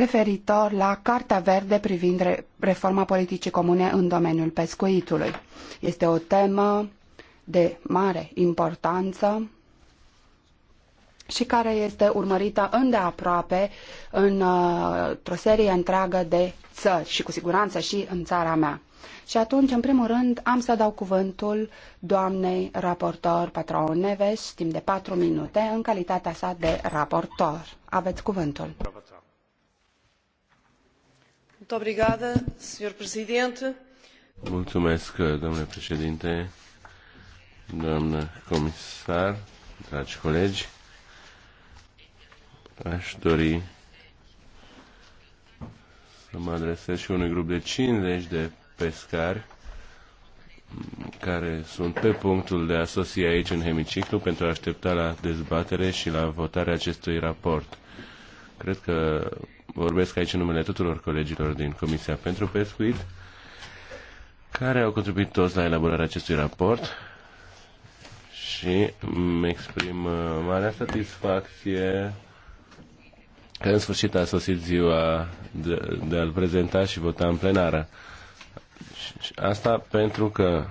referitor la Cartea Verde privind reforma politicii comune în domeniul pescuitului. Este o temă de mare importanță și care este urmărită îndeaproape uh, într-o serie întreagă de țări și cu siguranță și în țara mea. Și atunci, în primul rând, am să dau cuvântul doamnei raportor Patron Neves, timp de patru minute, în calitatea sa de raportor. Aveți cuvântul. Bravo, Mulțumesc, domnule președinte, doamnă comisar, dragi colegi. Aș dori să mă adresez și unui grup de 50 de pescari care sunt pe punctul de a sosi aici în hemiciclu pentru a aștepta la dezbatere și la votarea acestui raport. Cred că vorbesc aici în numele tuturor colegilor din Comisia pentru Pescuit, care au contribuit toți la elaborarea acestui raport și îmi exprim uh, marea satisfacție că în sfârșit a sosit ziua de, de a-l prezenta și vota în plenară. Și asta pentru că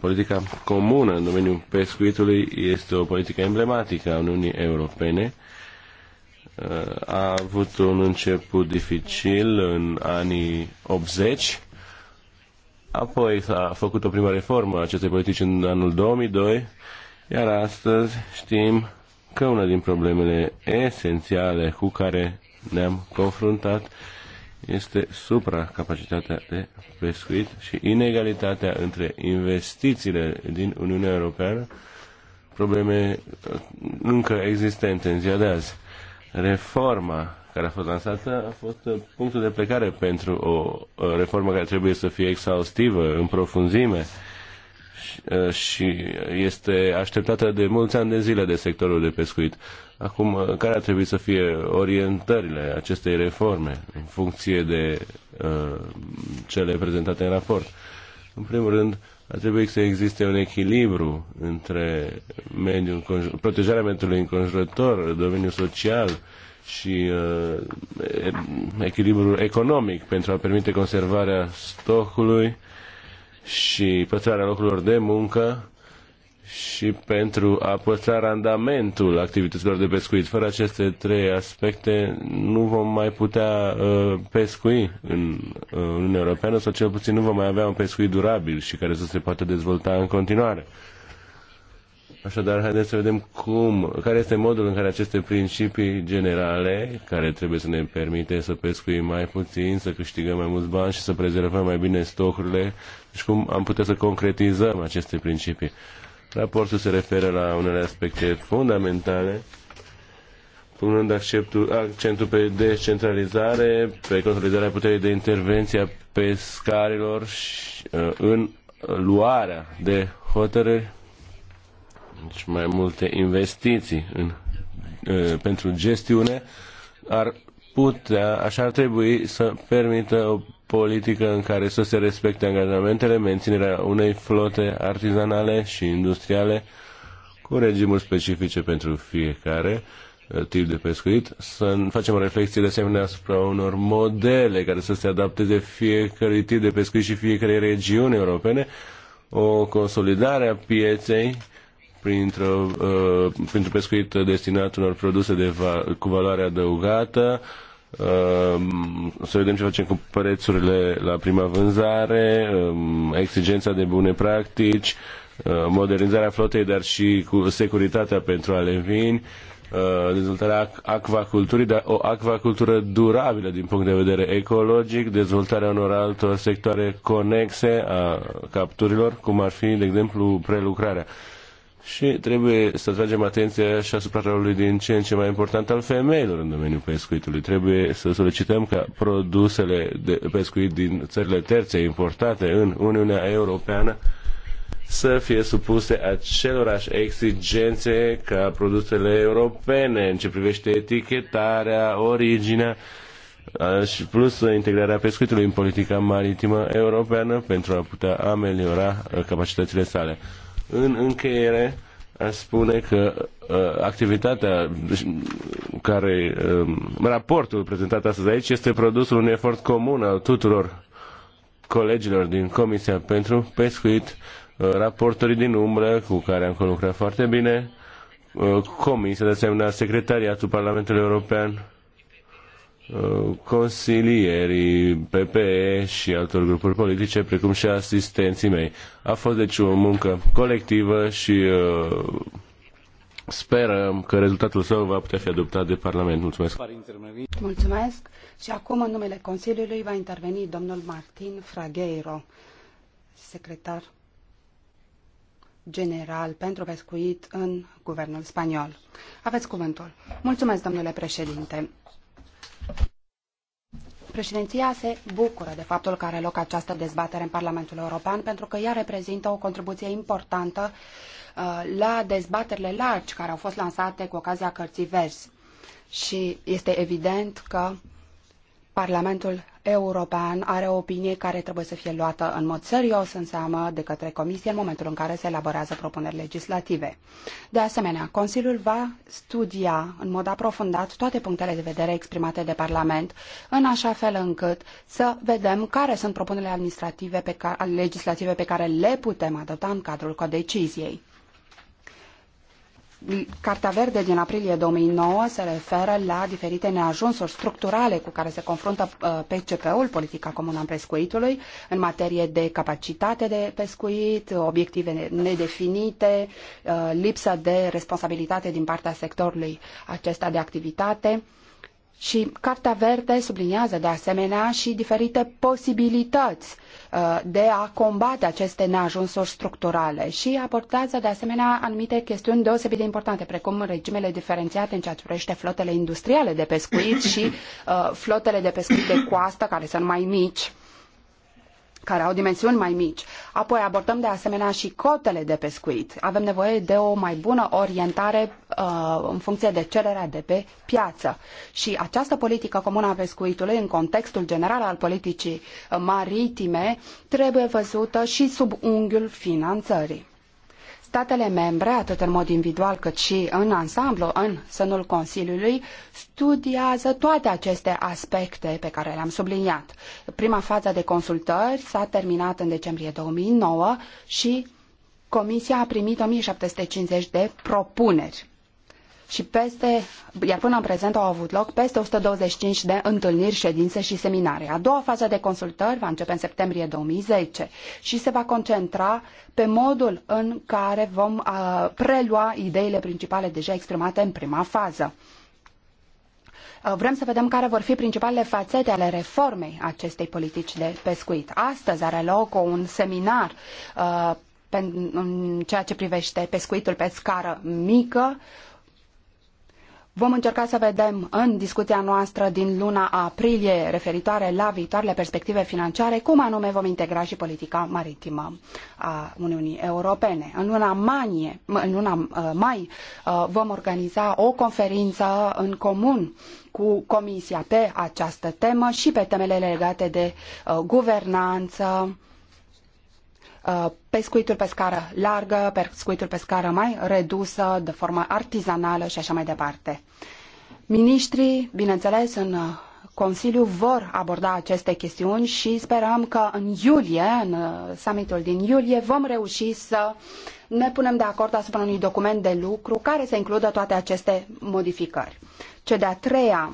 politica comună în domeniul pescuitului este o politică emblematică a Uniunii Europene a avut un început dificil în anii 80, apoi s-a făcut o prima reformă a acestei politici în anul 2002, iar astăzi știm că una din problemele esențiale cu care ne-am confruntat este supracapacitatea de pescuit și inegalitatea între investițiile din Uniunea Europeană, probleme încă existente în ziua de azi reforma care a fost lansată a fost uh, punctul de plecare pentru o reformă care trebuie să fie exhaustivă, în profunzime uh, și este așteptată de mulți ani de zile de sectorul de pescuit. Acum, uh, care ar trebui să fie orientările acestei reforme în funcție de uh, cele prezentate în raport? În primul rând, ar trebui să existe un echilibru între mediul, protejarea mediului înconjurător, domeniul social și uh, echilibrul economic pentru a permite conservarea stocului și păstrarea locurilor de muncă și pentru a păstra randamentul activităților de pescuit. Fără aceste trei aspecte nu vom mai putea uh, pescui în uh, Uniunea Europeană sau cel puțin nu vom mai avea un pescuit durabil și care să se poată dezvolta în continuare. Așadar, haideți să vedem cum, care este modul în care aceste principii generale, care trebuie să ne permite să pescuim mai puțin, să câștigăm mai mulți bani și să prezervăm mai bine stocurile, și deci cum am putea să concretizăm aceste principii. Raportul se referă la unele aspecte fundamentale, punând acceptul, accentul pe descentralizare, pe consolidarea puterii de intervenție a pescarilor și, uh, în luarea de hotărâri, deci mai multe investiții în, uh, pentru gestiune, ar putea, așa ar trebui să permită o politică în care să se respecte angajamentele, menținerea unei flote artizanale și industriale cu regimuri specifice pentru fiecare uh, tip de pescuit, să facem o reflexie de asemenea asupra unor modele care să se adapteze fiecărui tip de pescuit și fiecare regiune europene, o consolidare a pieței printr-o, uh, printr pescuit destinat unor produse de va- cu valoare adăugată, uh, Ehm, să vedem ce facem cu prețurile la prima vânzare, ehm, exigența de bune practici, ehm, modernizarea flotei, dar și cu securitatea pentru alevini, dezvoltarea acvaculturii, dar o acvacultură durabilă din punct de vedere ecologic, dezvoltarea unor altor sectoare conexe a capturilor, cum ar fi, de exemplu, prelucrarea și trebuie să tragem atenția și asupra rolului din ce în ce mai important al femeilor în domeniul pescuitului. Trebuie să solicităm ca produsele de pescuit din țările terțe importate în Uniunea Europeană să fie supuse acelorași exigențe ca produsele europene în ce privește etichetarea, originea și plus integrarea pescuitului în politica maritimă europeană pentru a putea ameliora uh, capacitățile sale. În încheiere, spune că uh, activitatea care, uh, raportul prezentat astăzi aici este produsul unui efort comun al tuturor colegilor din Comisia pentru Pescuit, uh, raportorii din umbră cu care am lucrat foarte bine, uh, Comisia de asemenea, Secretariatul Parlamentului European, Uh, consilierii PPE și altor grupuri politice, precum și asistenții mei. A fost deci o muncă colectivă și uh, sperăm că rezultatul său va putea fi adoptat de Parlament. Mulțumesc! Mulțumesc! Și acum, în numele Consiliului, va interveni domnul Martin Fragheiro, secretar general pentru pescuit în guvernul spaniol. Aveți cuvântul. Mulțumesc, domnule președinte. Președinția se bucură de faptul că are loc această dezbatere în Parlamentul European pentru că ea reprezintă o contribuție importantă uh, la dezbaterile largi care au fost lansate cu ocazia cărții verzi. Și este evident că Parlamentul european are o opinie care trebuie să fie luată în mod serios în seamă de către Comisie în momentul în care se elaborează propuneri legislative. De asemenea, Consiliul va studia în mod aprofundat toate punctele de vedere exprimate de Parlament, în așa fel încât să vedem care sunt propunerile administrative pe care, legislative pe care le putem adopta în cadrul codeciziei. Cartea Verde din aprilie 2009 se referă la diferite neajunsuri structurale cu care se confruntă uh, PCP-ul, Politica Comună a Pescuitului, în materie de capacitate de pescuit, obiective nedefinite, uh, lipsă de responsabilitate din partea sectorului acesta de activitate. Și Cartea Verde subliniază de asemenea și diferite posibilități uh, de a combate aceste neajunsuri structurale și abordează de asemenea anumite chestiuni deosebit de importante, precum regimele diferențiate în ceea ce privește flotele industriale de pescuit și uh, flotele de pescuit de coastă, care sunt mai mici care au dimensiuni mai mici. Apoi abordăm de asemenea și cotele de pescuit. Avem nevoie de o mai bună orientare uh, în funcție de cererea de pe piață. Și această politică comună a pescuitului, în contextul general al politicii maritime, trebuie văzută și sub unghiul finanțării statele membre, atât în mod individual cât și în ansamblu, în sânul Consiliului, studiază toate aceste aspecte pe care le-am subliniat. Prima fază de consultări s-a terminat în decembrie 2009 și Comisia a primit 1750 de propuneri și peste, iar până în prezent au avut loc peste 125 de întâlniri, ședințe și seminare. A doua fază de consultări va începe în septembrie 2010 și se va concentra pe modul în care vom uh, prelua ideile principale deja exprimate în prima fază. Vrem să vedem care vor fi principalele fațete ale reformei acestei politici de pescuit. Astăzi are loc un seminar uh, în ceea ce privește pescuitul pe scară mică, uh, Vom încerca să vedem în discuția noastră din luna aprilie referitoare la viitoarele perspective financiare cum anume vom integra și politica maritimă a Uniunii Europene. În luna, manie, în luna uh, mai uh, vom organiza o conferință în comun cu Comisia pe această temă și pe temele legate de uh, guvernanță, Uh, pescuitul pe scară largă, pescuitul pe scară mai redusă, de formă artizanală și așa mai departe. Ministrii, bineînțeles, în uh, Consiliu vor aborda aceste chestiuni și sperăm că în iulie, în uh, summitul din iulie, vom reuși să ne punem de acord asupra unui document de lucru care să includă toate aceste modificări. Cea de-a treia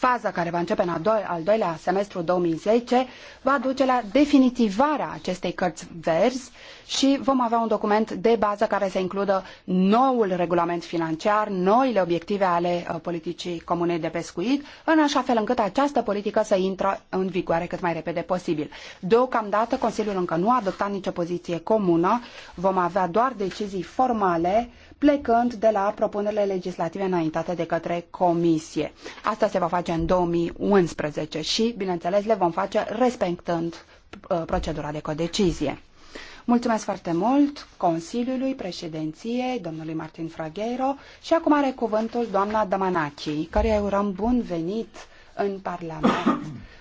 faza care va începe în al, doilea semestru 2010 va duce la definitivarea acestei cărți verzi și vom avea un document de bază care să includă noul regulament financiar, noile obiective ale uh, politicii comune de pescuit, în așa fel încât această politică să intre în vigoare cât mai repede posibil. Deocamdată Consiliul încă nu a adoptat nicio poziție comună, vom avea doar decizii formale plecând de la propunerile legislative înaintate de către Comisie. Asta se va face în 2011 și, bineînțeles, le vom face respectând uh, procedura de codecizie. Mulțumesc foarte mult Consiliului, președinției, domnului Martin Fragheiro și acum are cuvântul doamna Damanaci, care îi urăm bun venit în Parlament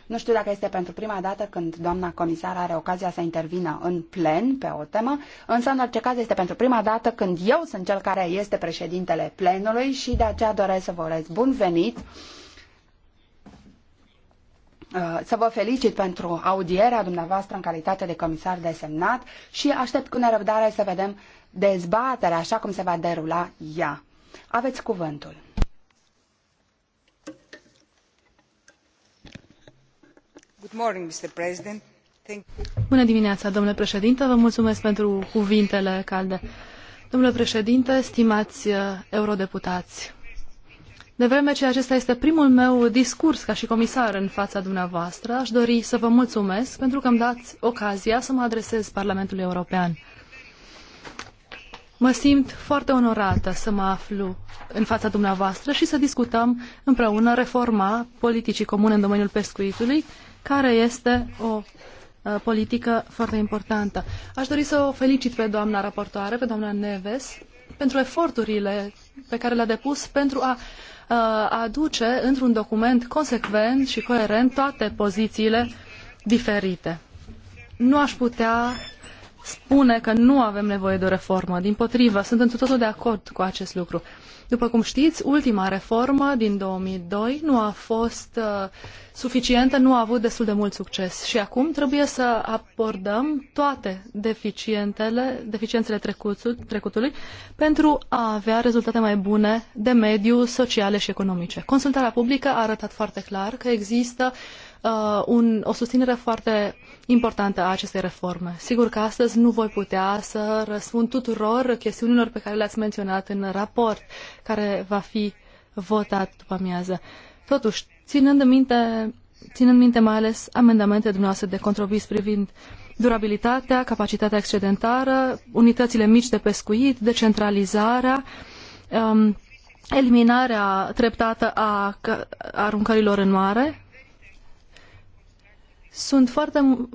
nu știu dacă este pentru prima dată când doamna comisar are ocazia să intervină în plen pe o temă, însă în orice caz este pentru prima dată când eu sunt cel care este președintele plenului și de aceea doresc să vă urez bun venit uh, să vă felicit pentru audierea dumneavoastră în calitate de comisar desemnat și aștept cu nerăbdare să vedem dezbaterea așa cum se va derula ea. Aveți cuvântul. Bună dimineața, domnule președinte, vă mulțumesc pentru cuvintele calde. Domnule președinte, stimați uh, eurodeputați, de vreme ce acesta este primul meu discurs ca și comisar în fața dumneavoastră, aș dori să vă mulțumesc pentru că îmi dați ocazia să mă adresez Parlamentului European. Mă simt foarte onorată să mă aflu în fața dumneavoastră și să discutăm împreună reforma politicii comune în domeniul pescuitului, care este o uh, politică foarte importantă. Aș dori să o felicit pe doamna raportoare, pe doamna Neves, pentru eforturile pe care le-a depus pentru a, a uh, aduce într-un document consecvent și coerent toate pozițiile diferite. Nu aș putea spune că nu avem nevoie de o reformă. Din potrivă, sunt într totul de acord cu acest lucru. După cum știți, ultima reformă din 2002 nu a fost uh, suficientă, nu a avut destul de mult succes și acum trebuie să abordăm toate deficientele, deficiențele trecutului pentru a avea rezultate mai bune de mediu, sociale și economice. Consultarea publică a arătat foarte clar că există uh, uh, un, o susținere foarte importantă a acestei reforme. Sigur că astăzi nu voi putea să răspund tuturor chestiunilor pe care le-ați menționat în raport, care va fi votat după amiază. Totuși, ținând minte, ținând minte mai ales amendamentele dumneavoastră de controvis privind durabilitatea, capacitatea excedentară, unitățile mici de pescuit, decentralizarea, um, eliminarea treptată a aruncărilor în mare, sunt foarte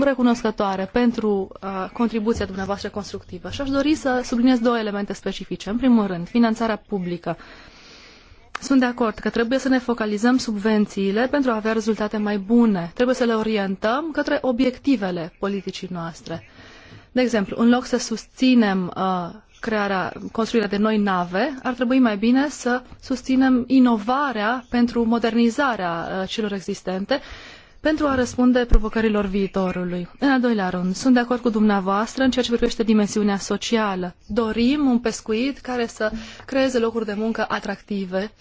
recunoscătoare pentru uh, contribuția dumneavoastră constructivă și aș dori să subliniez două elemente specifice. În primul rând, finanțarea publică. Sunt de acord că trebuie să ne focalizăm subvențiile pentru a avea rezultate mai bune. Trebuie să le orientăm către obiectivele politicii noastre. De exemplu, în loc să susținem uh, crearea, construirea de noi nave, ar trebui mai bine să susținem inovarea pentru modernizarea uh, celor existente pentru a răspunde provocărilor viitorului. În al doilea rând, sunt de acord cu dumneavoastră în ceea ce privește dimensiunea socială. Dorim un pescuit care să creeze locuri de muncă atractive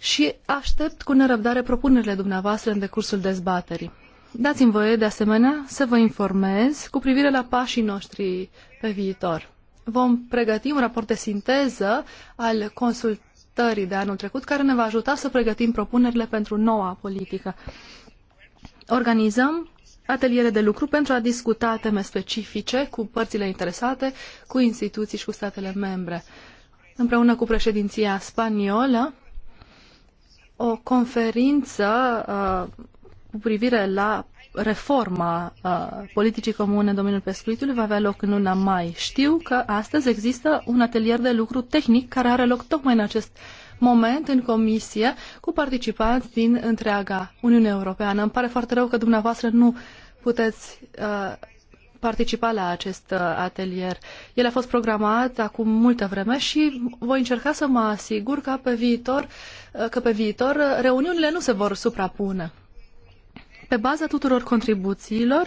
și aștept cu nerăbdare propunerile dumneavoastră în decursul dezbaterii. Dați-mi voie, de asemenea, să vă informez cu privire la pașii noștri pe viitor. Vom pregăti un raport de sinteză al consultării de anul trecut, care ne va ajuta să pregătim propunerile pentru noua politică organizăm ateliere de lucru pentru a discuta teme specifice cu părțile interesate, cu instituții și cu statele membre. Împreună cu președinția spaniolă, o conferință uh, cu privire la reforma uh, politicii comune în domeniul pescuitului va avea loc în luna mai. Știu că astăzi există un atelier de lucru tehnic care are loc tocmai în acest uh, moment în comisie cu participanți din întreaga Uniune Europeană. Îmi pare foarte rău că dumneavoastră nu puteți uh, participa la acest uh, atelier. El a fost programat acum multă vreme și voi încerca să mă asigur uh, că pe viitor, că pe viitor reuniunile nu se vor suprapune. Pe baza tuturor contribuțiilor,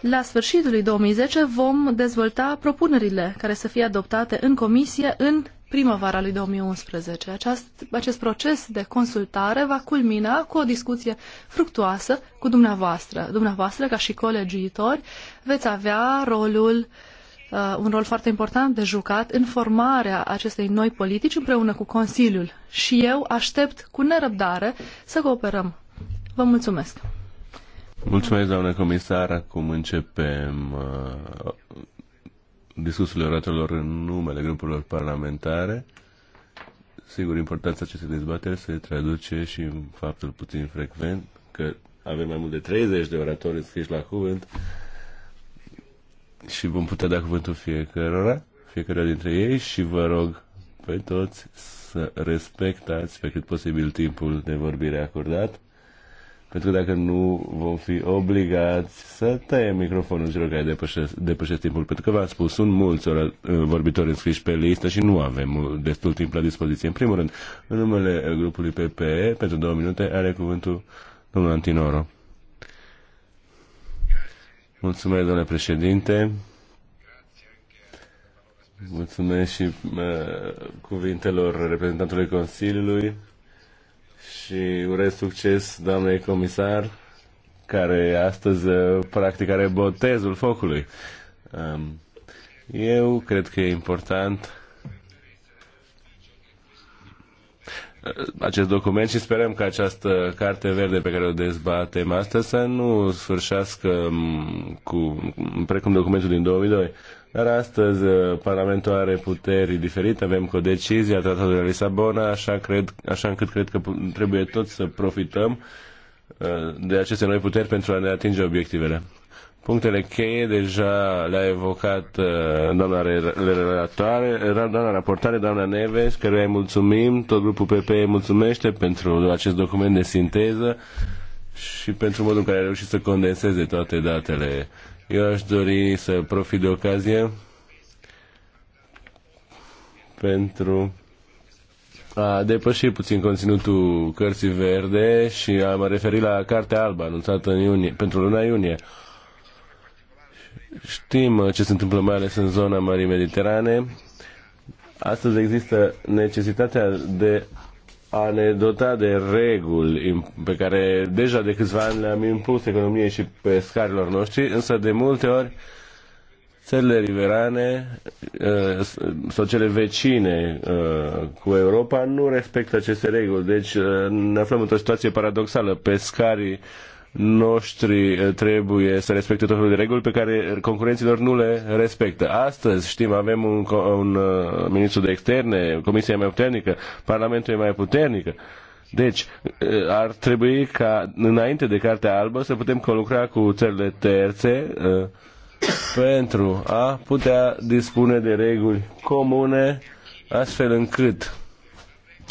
la sfârșitul lui 2010 vom dezvolta propunerile care să fie adoptate în comisie în primăvara lui 2011. Aceast, acest proces de consultare va culmina cu o discuție fructuoasă cu dumneavoastră. Dumneavoastră, ca și colegiitori, veți avea rolul uh, un rol foarte important de jucat în formarea acestei noi politici împreună cu Consiliul. Și eu aștept cu nerăbdare să cooperăm. Vă mulțumesc! Mulțumesc, doamnă comisar. Acum începem uh, discursurile oratorilor în numele grupurilor parlamentare. Sigur, importanța acestei dezbateri se traduce și în faptul puțin frecvent că avem mai mult de 30 de oratori înscriși la cuvânt și vom putea da cuvântul fiecărora, fiecăruia dintre ei și vă rog pe toți să respectați pe cât posibil timpul de vorbire acordat pentru că dacă nu vom fi obligați să tăiem microfonul celor care depășesc, depășesc timpul, pentru că v-am spus, sunt mulți uh, vorbitori înscriși pe listă și nu avem uh, destul timp la dispoziție. În primul rând, în numele grupului PPE, pentru două minute, are cuvântul domnul Antinoro. Mulțumesc, domnule președinte. Mulțumesc și uh, cuvintelor reprezentantului Consiliului și urez succes doamnei comisar care astăzi uh, practic are botezul focului. Um, eu cred că e important uh, acest document și sperăm că această carte verde pe care o dezbatem astăzi să nu sfârșească um, cu, precum documentul din 2002 dar astăzi uh, Parlamentul are puteri diferite, avem cu decizia Tratatului de Lisabona, așa, cred, așa încât cred că trebuie tot să profităm uh, de aceste noi puteri pentru a ne atinge obiectivele. Punctele cheie deja le-a evocat uh, doamna relatoare, doamna raportare, doamna Neves, care îi mulțumim, tot grupul PP îi mulțumește pentru acest document de sinteză și pentru modul în care a reușit să condenseze toate datele eu aș dori să profit de ocazie pentru a depăși puțin conținutul cărții verde și a mă referi la Cartea Albă, anunțată în iunie, pentru luna iunie. Știm ce se întâmplă mai ales în zona Mării Mediterane. Astăzi există necesitatea de a ne dota de reguli pe care deja de câțiva ani le-am impus economiei și pescarilor noștri, însă de multe ori țările riverane ă, sau cele vecine ă, cu Europa nu respectă aceste reguli. Deci ă, ne aflăm într-o situație paradoxală. Pescarii noștri eh, trebuie să respecte tot felul de reguli pe care concurenților nu le respectă. Astăzi, știm, avem un, un eh, ministru de externe, comisia e mai puternică, parlamentul e mai puternică. Deci, eh, ar trebui ca, înainte de Cartea Albă, să putem colucra cu țările terțe pentru a putea dispune de reguli comune, astfel încât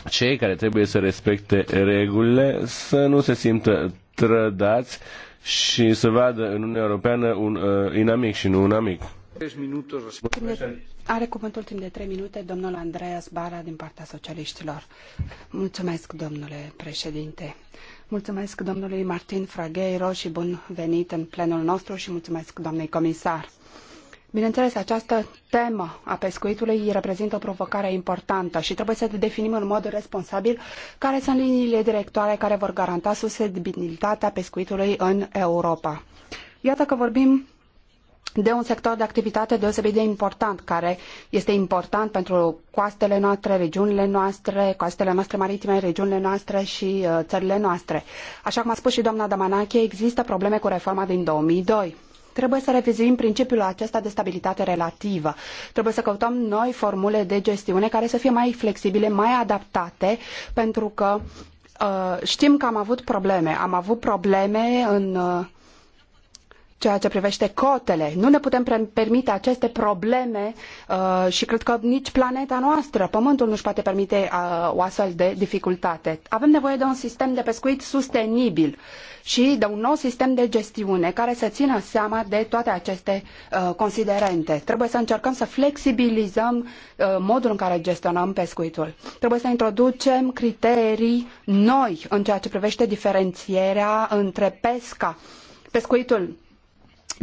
cei care trebuie să respecte regulile să nu se simtă trădați și să vadă în Uniunea Europeană un uh, inamic și nu un amic. De, are cuvântul timp de 3 minute domnul Andreas Bara din partea socialiștilor. Mulțumesc, domnule președinte. Mulțumesc domnului Martin Fragheiro și bun venit în plenul nostru și mulțumesc doamnei comisar. Bineînțeles, această temă a pescuitului reprezintă o provocare importantă și trebuie să definim în mod responsabil care sunt liniile directoare care vor garanta susedibilitatea pescuitului în Europa. Iată că vorbim de un sector de activitate deosebit de important, care este important pentru coastele noastre, regiunile noastre, coastele noastre maritime, regiunile noastre și uh, țările noastre. Așa cum a spus și doamna Damanache, există probleme cu reforma din 2002 Trebuie să revizuim principiul acesta de stabilitate relativă. Trebuie să căutăm noi formule de gestiune care să fie mai flexibile, mai adaptate, pentru că uh, știm că am avut probleme. Am avut probleme în. Uh, ceea ce privește cotele. Nu ne putem permite aceste probleme uh, și cred că nici planeta noastră, Pământul, nu-și poate permite uh, o astfel de dificultate. Avem nevoie de un sistem de pescuit sustenibil și de un nou sistem de gestiune care să țină seama de toate aceste uh, considerente. Trebuie să încercăm să flexibilizăm uh, modul în care gestionăm pescuitul. Trebuie să introducem criterii noi în ceea ce privește diferențierea între pesca pescuitul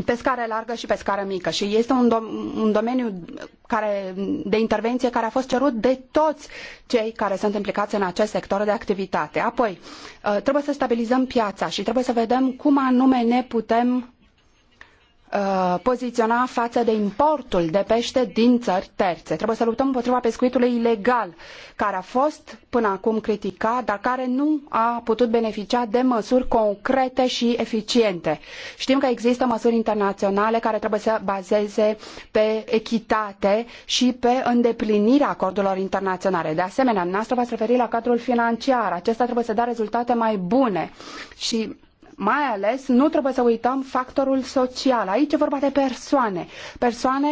pe scară largă și pe scară mică și este un, dom- un domeniu care, de intervenție care a fost cerut de toți cei care sunt implicați în acest sector de activitate. Apoi, uh, trebuie să stabilizăm piața și trebuie să vedem cum anume ne putem Uh, poziționa față de importul de pește din țări terțe. Trebuie să luptăm împotriva pescuitului ilegal, care a fost până acum criticat, dar care nu a putut beneficia de măsuri concrete și eficiente. Știm că există măsuri internaționale care trebuie să bazeze pe echitate și pe îndeplinirea acordurilor internaționale. De asemenea, noastră v-ați referit la cadrul financiar. Acesta trebuie să dea rezultate mai bune și mai ales nu trebuie să uităm factorul social. Aici e vorba de persoane. Persoane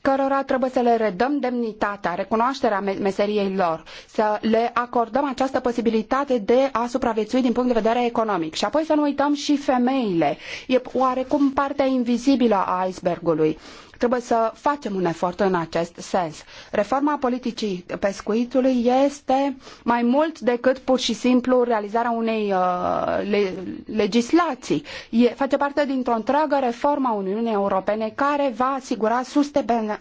cărora trebuie să le redăm demnitatea, recunoașterea meseriei lor, să le acordăm această posibilitate de a supraviețui din punct de vedere economic. Și apoi să nu uităm și femeile. E oarecum partea invizibilă a icebergului. Uh, trebuie să facem un efort în acest sens. Reforma politicii pescuitului este mai mult decât pur și simplu realizarea unei uh, le, legislații. E, face parte dintr-o întreagă reformă a Uniunii Europene care va asigura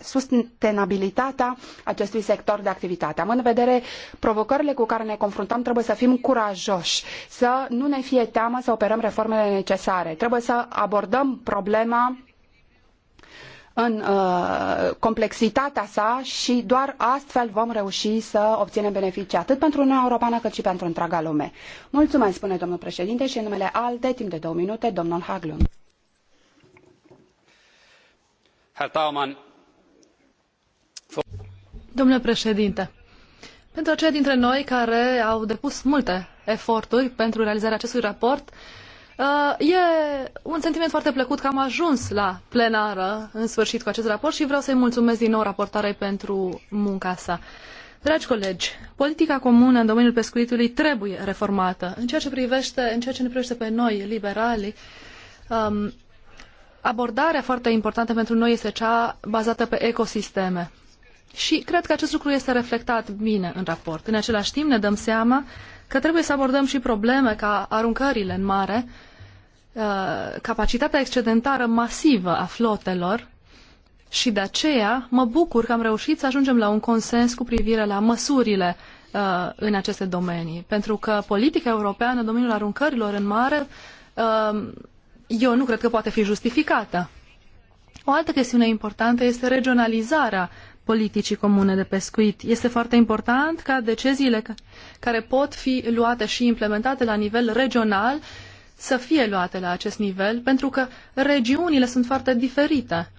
sustenabilitatea acestui sector de activitate. Având în vedere provocările cu care ne confruntăm, trebuie să fim curajoși, să nu ne fie teamă să operăm reformele necesare. Trebuie să abordăm problema în uh, complexitatea sa și doar astfel vom reuși să obținem beneficii atât pentru Uniunea Europeană cât și pentru întreaga lume. Mulțumesc, spune domnul președinte și în numele ALDE, timp de două minute, domnul Haglund. Herr Domnule președinte, pentru aceia dintre noi care au depus multe eforturi pentru realizarea acestui raport, Uh, e un sentiment foarte plăcut că am ajuns la plenară în sfârșit cu acest raport și vreau să-i mulțumesc din nou raportarei pentru munca sa. Dragi colegi, politica comună în domeniul pescuitului trebuie reformată. În ceea ce, privește, în ceea ce ne privește pe noi, liberali, um, abordarea foarte importantă pentru noi este cea bazată pe ecosisteme. Și cred că acest lucru este reflectat bine în raport. În același timp ne dăm seama uh, că trebuie să abordăm și probleme ca aruncările în mare, uh, capacitatea excedentară masivă a flotelor și de aceea mă bucur că am reușit să ajungem la un consens cu privire la măsurile uh, în aceste domenii. Pentru că politica europeană în domeniul aruncărilor în mare uh, eu nu cred că poate fi justificată. O altă chestiune importantă este regionalizarea politicii comune de pescuit. Este foarte important ca deciziile care pot fi luate și implementate la nivel regional să fie luate la acest nivel, pentru că regiunile sunt foarte diferite.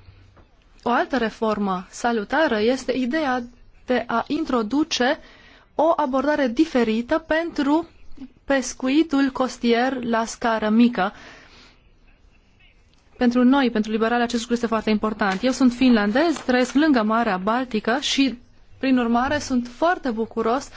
O altă reformă salutară este ideea de a introduce o abordare diferită pentru pescuitul costier la scară mică, pentru noi, pentru liberale, acest lucru este foarte important. Eu sunt finlandez, trăiesc lângă Marea Baltică și, prin urmare, sunt foarte bucuros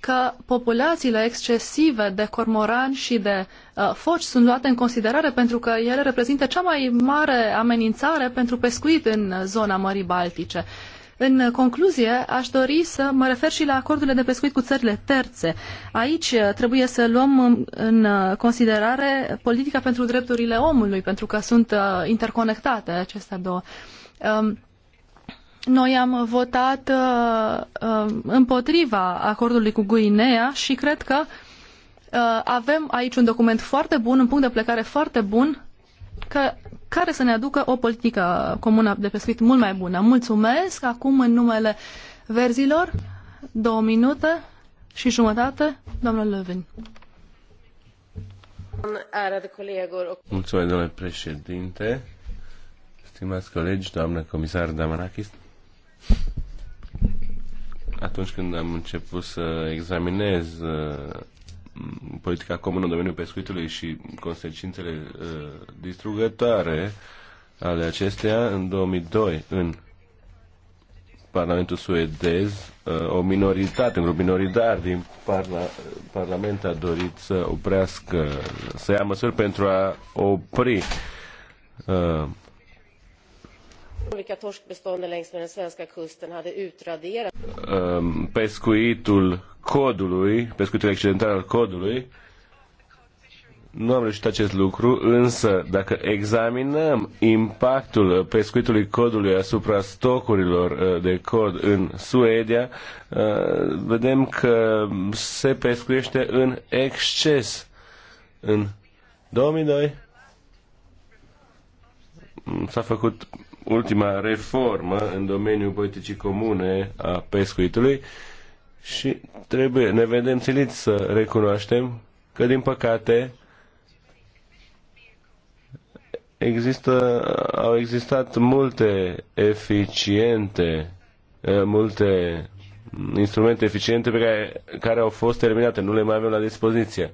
că populațiile excesive de cormorani și de uh, foci sunt luate în considerare pentru că ele reprezintă cea mai mare amenințare pentru pescuit în zona Mării Baltice. Uh, în concluzie, aș dori să mă refer și la acordurile de pescuit cu țările terțe. Aici uh, trebuie să luăm în uh, considerare politica pentru drepturile omului, pentru că sunt uh, interconectate acestea două. Um, noi am votat um, împotriva acordului cu Guinea și cred că avem aici un document foarte bun, un punct de plecare foarte bun că, care să ne aducă o politică comună de pescuit mult mai bună. Mulțumesc acum în numele verzilor. Două minute și jumătate, domnul Lövin. Mulțumesc, domnule președinte. Stimați colegi, doamnă comisar Damanakis, atunci când am început să examinez uh, politica comună în domeniul pescuitului și consecințele uh, distrugătoare ale acesteia în 2002 în Parlamentul suedez, uh, o minoritate, un grup minoritar din parla, Parlament a dorit să oprească, să ia măsuri pentru a opri uh, um, pescuitul codului, pescuitul accidental al codului, nu am reușit acest lucru, însă dacă examinăm impactul pescuitului codului asupra stocurilor uh, de cod în Suedia, uh, vedem că se pescuiește în exces. În 2002 s-a făcut ultima reformă în domeniul politicii comune a pescuitului și trebuie, ne vedem țilit să recunoaștem că, din păcate, există, au existat multe eficiente, eh, multe instrumente eficiente pe care, care au fost eliminate, nu le mai avem la dispoziție.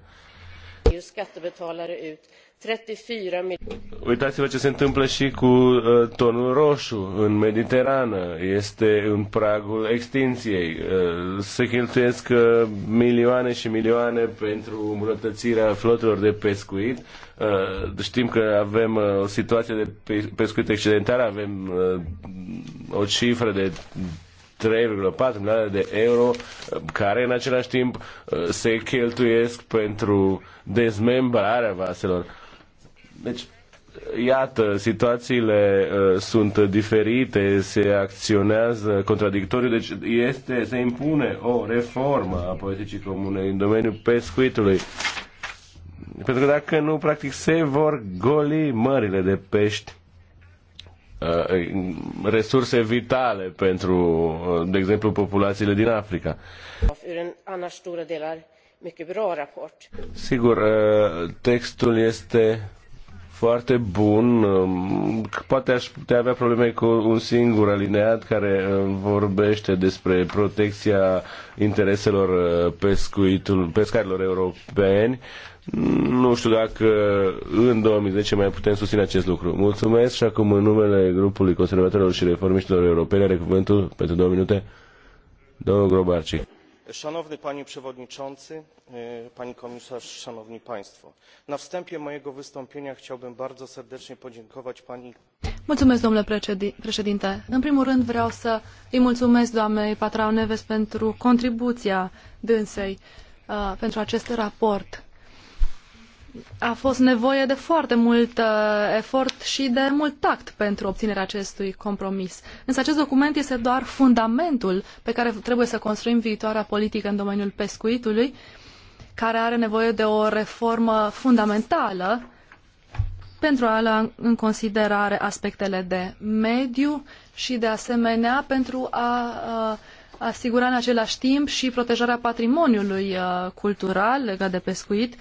34 Uitați-vă ce se întâmplă și cu uh, tonul roșu în Mediterană. Este în pragul extinției. Uh, se cheltuiesc uh, milioane și milioane pentru îmbunătățirea flotelor de pescuit. Uh, știm că avem uh, o situație de pescuit excedentară, avem uh, o cifră de 3,4 milioane de euro uh, care în același timp uh, se cheltuiesc pentru dezmembrarea vaselor. Deci, iată, situațiile uh, sunt diferite, se acționează contradictoriu, deci este, se impune o reformă a politicii comune în domeniul pescuitului. Pentru că dacă nu, practic, se vor goli mările de pești uh, resurse vitale pentru, uh, de exemplu, populațiile din Africa. Sigur, uh, textul este foarte bun. Um, poate aș putea avea probleme cu un singur alineat care uh, vorbește despre protecția intereselor uh, pescuitul, pescarilor europeni. Nu știu dacă în 2010 mai putem susține acest lucru. Mulțumesc și acum în numele grupului conservatorilor și reformiștilor europene are cuvântul pentru două minute domnul Grobarci szanowny panie przewodniczący pani komisarz szanowni państwo! na wstępie mojego wystąpienia chciałbym bardzo serdecznie podziękować pani domnule președinte. În primul rând vreau să îi mulțumesc doamnei Patrao Neves pentru contribuția dânsei pentru acest raport a fost nevoie de foarte mult uh, efort și de mult tact pentru obținerea acestui compromis. Însă acest document este doar fundamentul pe care trebuie să construim viitoarea politică în domeniul pescuitului, care are nevoie de o reformă fundamentală pentru a lua în considerare aspectele de mediu și, de asemenea, pentru a uh, asigura în același timp și protejarea patrimoniului uh, cultural legat de pescuit, uh,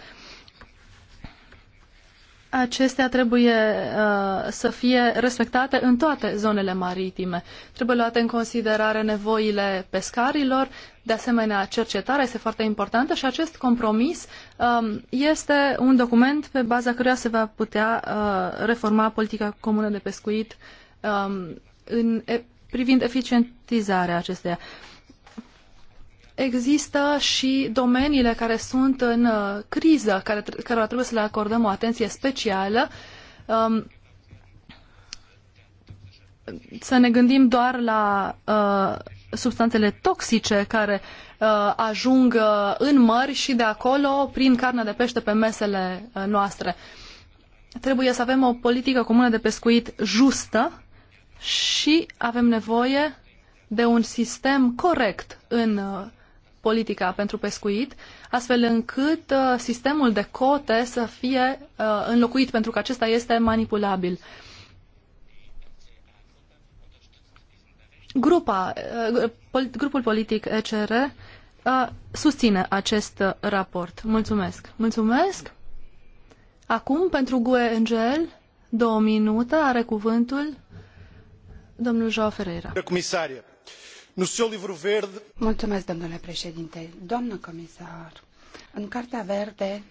acestea trebuie uh, să fie respectate în toate zonele maritime. Trebuie luate în considerare nevoile pescarilor, de asemenea cercetarea este foarte importantă și acest compromis um, este un document pe baza căruia se va putea uh, reforma politica comună de pescuit um, în, privind eficientizarea acesteia există și domeniile care sunt în uh, criză, care, care trebuie să le acordăm o atenție specială. Um, să ne gândim doar la uh, substanțele toxice care uh, ajung uh, în mări și de acolo prin carne de pește pe mesele uh, noastre. Trebuie să avem o politică comună de pescuit justă și avem nevoie de un sistem corect în uh, politica pentru pescuit, astfel încât uh, sistemul de cote să fie uh, înlocuit, pentru că acesta este manipulabil. Grupa, uh, grupul politic ECR uh, susține acest raport. Mulțumesc! Mulțumesc! Acum, pentru GUE Angel, două minute, are cuvântul domnul Joao Ferreira. Comisarie, președinte. Doamnă comisar, în Cartea Verde,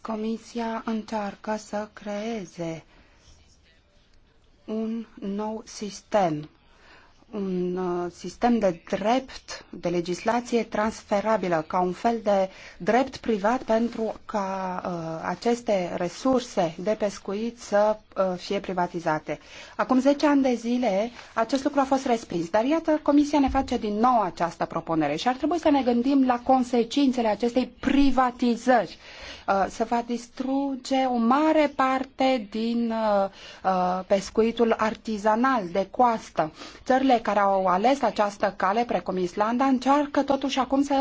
Comisia încearcă să creeze un nou sistem un uh, sistem de drept, de legislație transferabilă, ca un fel de drept privat pentru ca uh, aceste resurse de pescuit să uh, fie privatizate. Acum 10 ani de zile acest lucru a fost respins, dar iată Comisia ne face din nou această propunere și ar trebui să ne gândim la consecințele acestei privatizări Uh, se va distruge o mare parte din uh, uh, pescuitul artizanal de coastă. Țările care au ales această cale, precum Islanda, încearcă totuși acum să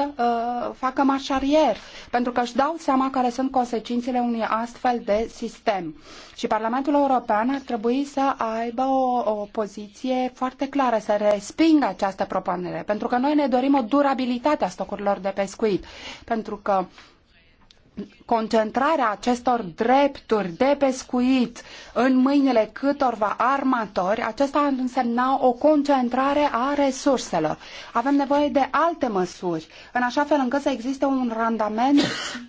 facă marșarier, pentru că își dau seama care sunt consecințele unui astfel de sistem. Și Parlamentul European ar trebui să aibă o, o poziție foarte clară, să respingă această propunere, pentru că noi ne dorim o durabilitate a stocurilor de pescuit, pentru că concentrarea acestor drepturi de pescuit în mâinile câtorva armatori, acesta însemna o concentrare a resurselor. Avem nevoie de alte măsuri, în așa fel încât să existe un randament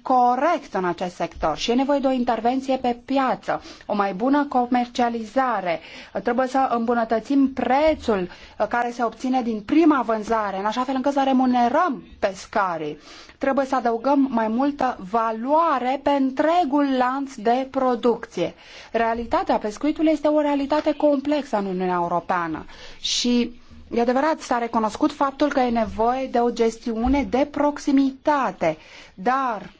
corect în acest sector și e nevoie de o intervenție pe piață, o mai bună comercializare. Trebuie să îmbunătățim prețul uh, care se obține din prima vânzare, în așa fel încât să remunerăm pescarii. Trebuie să adăugăm mai multă valoare valoare pe întregul lanț de producție. Realitatea pescuitului este o realitate complexă în Uniunea Europeană și E adevărat, s-a recunoscut faptul că e nevoie de o gestiune de proximitate, dar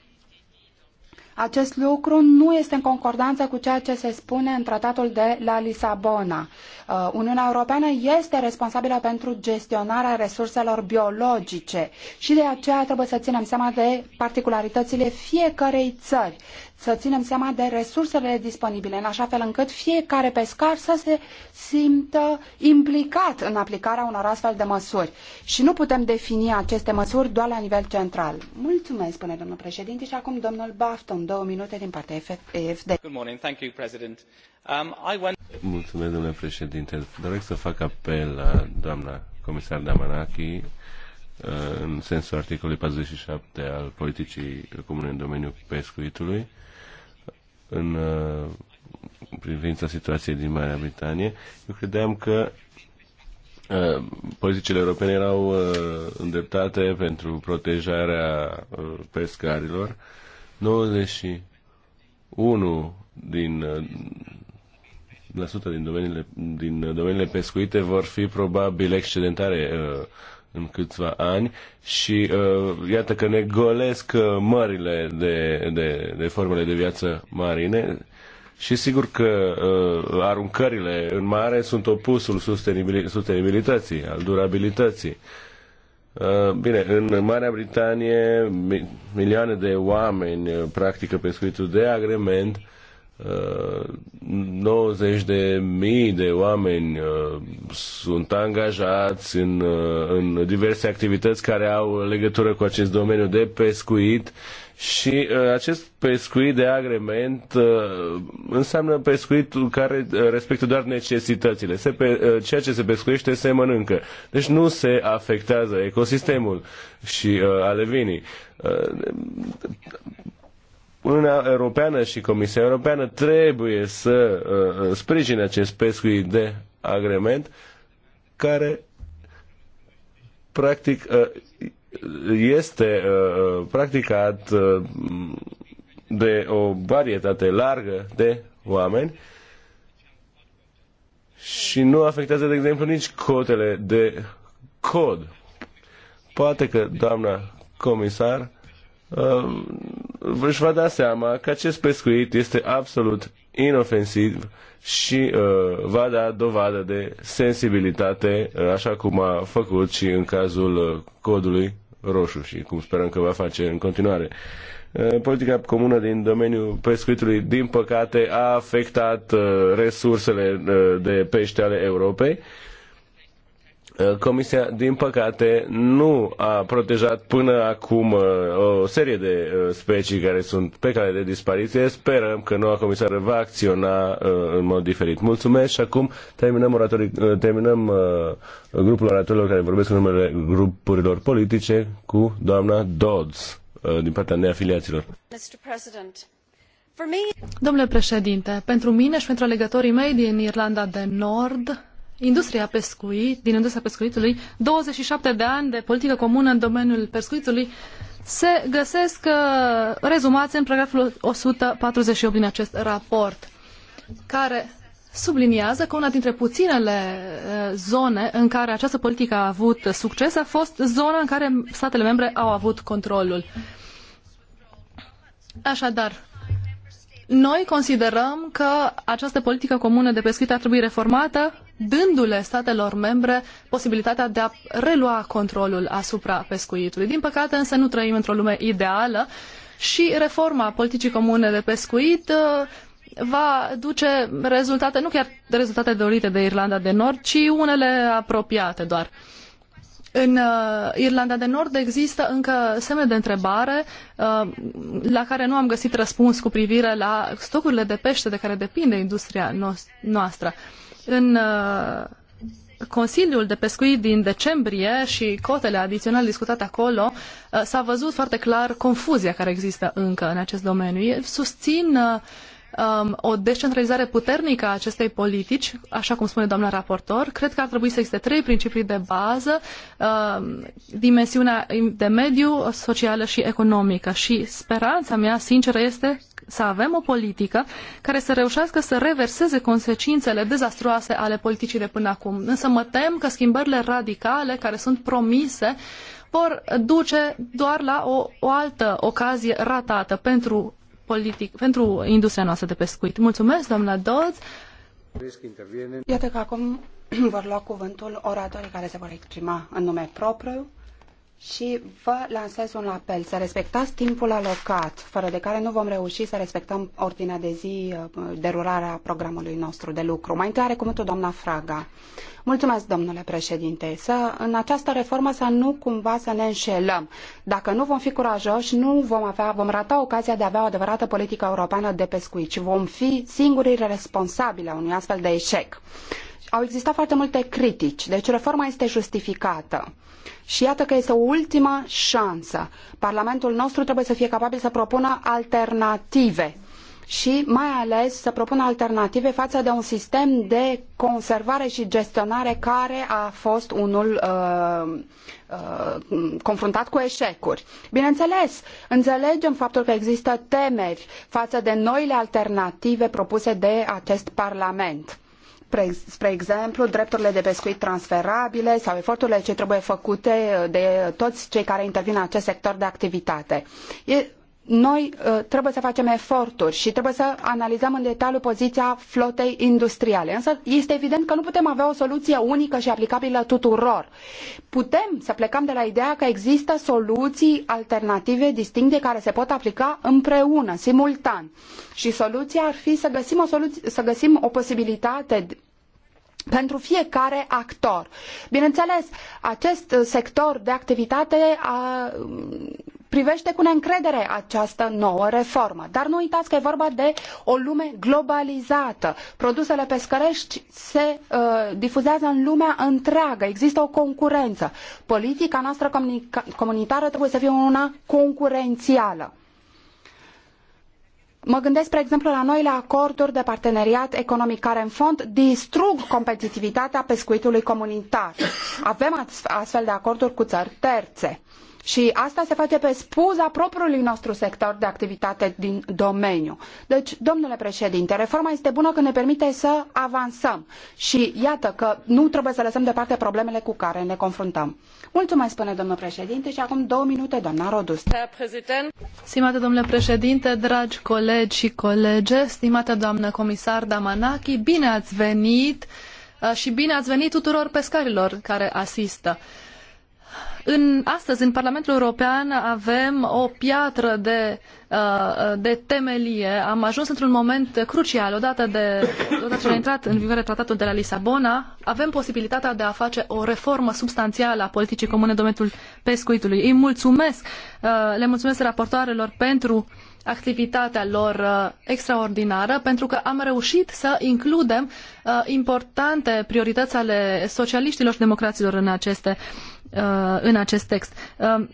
acest lucru nu este în concordanță cu ceea ce se spune în tratatul de la Lisabona. Uh, Uniunea Europeană este responsabilă pentru gestionarea resurselor biologice și de aceea trebuie să ținem seama de particularitățile fiecarei țări să ținem seama de resursele disponibile, în așa fel încât fiecare pescar să se simtă implicat în aplicarea unor astfel de măsuri. Și nu putem defini aceste măsuri doar la nivel central. Mulțumesc, spune domnul președinte, și acum domnul Bafton, două minute din partea EFD. Um, Mulțumesc, domnule președinte. Doresc să fac apel la doamna comisar Damanaki uh, în sensul articolului 47 al politicii comune în domeniul pescuitului în uh, privința situației din Marea Britanie. Eu credeam că uh, politicile europene erau uh, îndreptate pentru protejarea pescarilor. 91 din la sută din domeniile, din domeniile pescuite vor fi probabil excedentare uh, în câțiva ani și uh, iată că ne golesc uh, mările de, de, de formele de viață marine și sigur că uh, aruncările în mare sunt opusul sustenibilității, al durabilității. Uh, bine, în Marea Britanie milioane de oameni uh, practică pescuitul de agrement uh, 90 uh, de mii de oameni uh, sunt angajați în, uh, în diverse activități care au legătură cu acest domeniu de pescuit și acest pescuit de agrement înseamnă pescuitul care respectă doar necesitățile. Se pe, ceea ce se pescuiește se mănâncă. Deci nu se afectează ecosistemul și uh, alevinii. Uniunea Europeană și Comisia Europeană trebuie să uh, sprijine acest pescuit de agrement care practic uh, este uh, uh, practicat uh, de o varietate largă de oameni și nu afectează, de exemplu, nici cotele de cod. Poate că, doamna comisar, uh, își va da seama că acest pescuit este absolut inofensiv și uh, va da dovadă de sensibilitate, uh, așa cum a făcut și în cazul uh, codului roșu și cum sperăm că va face în continuare. Uh, politica comună din domeniul pescuitului, din păcate, a afectat resursele de pește ale Europei Uh, Comisia, din păcate, nu a protejat până acum uh, o serie de uh, specii care sunt pe cale de dispariție. Sperăm că noua comisară va acționa în mod diferit. Mulțumesc și acum terminăm, oratorii, terminăm grupul oratorilor care vorbesc în numele grupurilor politice cu doamna Dodds din partea neafiliaților. Domnule președinte, pentru mine și pentru alegătorii mei din Irlanda de Nord, industria pescuit, din industria pescuitului, 27 de ani de politică comună în domeniul pescuitului, se găsesc uh, rezumați în paragraful 148 din acest raport, care subliniază că una dintre puținele uh, zone în care această politică a avut succes a fost zona în care statele membre au avut controlul. Așadar, noi considerăm că această politică comună de pescuit ar trebui reformată, dându-le statelor membre posibilitatea de a relua controlul asupra pescuitului. Din păcate, însă, nu trăim într-o lume ideală și reforma politicii comune de pescuit uh, va duce rezultate, nu chiar rezultate dorite de Irlanda de Nord, ci unele apropiate doar. În uh, Irlanda de Nord există încă semne de întrebare uh, la care nu am găsit răspuns cu privire la stocurile de pește de care depinde industria noastră. În uh, Consiliul de Pescuit din decembrie și cotele adiționale discutate acolo, s-a văzut foarte clar confuzia care există încă în acest domeniu. Eu susțin uh, um, o descentralizare puternică a acestei politici, așa cum spune doamna raportor. Cred că ar trebui să existe trei principii de bază, um, dimensiunea de mediu, socială și economică. Și speranța mea, sinceră, este să avem o politică care să reușească să reverseze consecințele dezastruoase ale politicii de până acum. Însă mă tem că schimbările radicale care sunt promise vor duce doar la o, o altă ocazie ratată pentru politic, pentru industria noastră de pescuit. Mulțumesc, doamna Dodds. Iată că acum vor lua cuvântul oratorii care se vor exprima în nume propriu și vă lansez un apel să respectați timpul alocat, fără de care nu vom reuși să respectăm ordinea de zi, uh, derularea programului nostru de lucru. Mai întâi are cuvântul doamna Fraga. Mulțumesc, domnule președinte. Să, în această reformă să nu cumva să ne înșelăm. Dacă nu vom fi curajoși, nu vom avea, vom rata ocazia de a avea o adevărată politică europeană de pescuit și vom fi singurii responsabili a unui astfel de eșec au existat foarte multe critici, deci reforma este justificată. Și iată că este o ultimă șansă. Parlamentul nostru trebuie să fie capabil să propună alternative și mai ales să propună alternative față de un sistem de conservare și gestionare care a fost unul uh, uh, confruntat cu eșecuri. Bineînțeles, înțelegem faptul că există temeri față de noile alternative propuse de acest Parlament spre exemplu, drepturile de pescuit transferabile sau eforturile ce trebuie făcute de toți cei care intervin în acest sector de activitate. E noi uh, trebuie să facem eforturi și trebuie să analizăm în detaliu poziția flotei industriale. Însă este evident că nu putem avea o soluție unică și aplicabilă tuturor. Putem să plecăm de la ideea că există soluții alternative distincte care se pot aplica împreună, simultan. Și soluția ar fi să găsim o, soluție, să găsim o posibilitate pentru fiecare actor. Bineînțeles, acest sector de activitate a, privește cu neîncredere această nouă reformă. Dar nu uitați că e vorba de o lume globalizată. Produsele pescărești se uh, difuzează în lumea întreagă. Există o concurență. Politica noastră comunitară trebuie să fie una concurențială. Mă gândesc, spre exemplu, la noile acorduri de parteneriat economic care, în fond, distrug competitivitatea pescuitului comunitar. Avem astfel de acorduri cu țări terțe. Și asta se face pe spuza propriului nostru sector de activitate din domeniu. Deci, domnule președinte, reforma este bună că ne permite să avansăm. Și iată că nu trebuie să lăsăm deoparte problemele cu care ne confruntăm. Mulțumesc, spune domnul președinte, și acum două minute, doamna Rodus. Stimate domnule președinte, dragi colegi și colege, stimată doamnă comisar Damanaki, bine ați venit uh, și bine ați venit tuturor pescarilor care asistă. În, astăzi, în Parlamentul European, avem o piatră de, uh, uh, de temelie. Am ajuns într-un moment crucial. Odată, de, odată ce a intrat în vigoare tratatul de la Lisabona, avem posibilitatea de a face o reformă substanțială a politicii comune în domeniul pescuitului. Îi mulțumesc, uh, le mulțumesc raportoarelor pentru activitatea lor extraordinară, pentru că am reușit să includem importante priorități ale socialiștilor și democraților în aceste uh, Uh, în acest text. Um,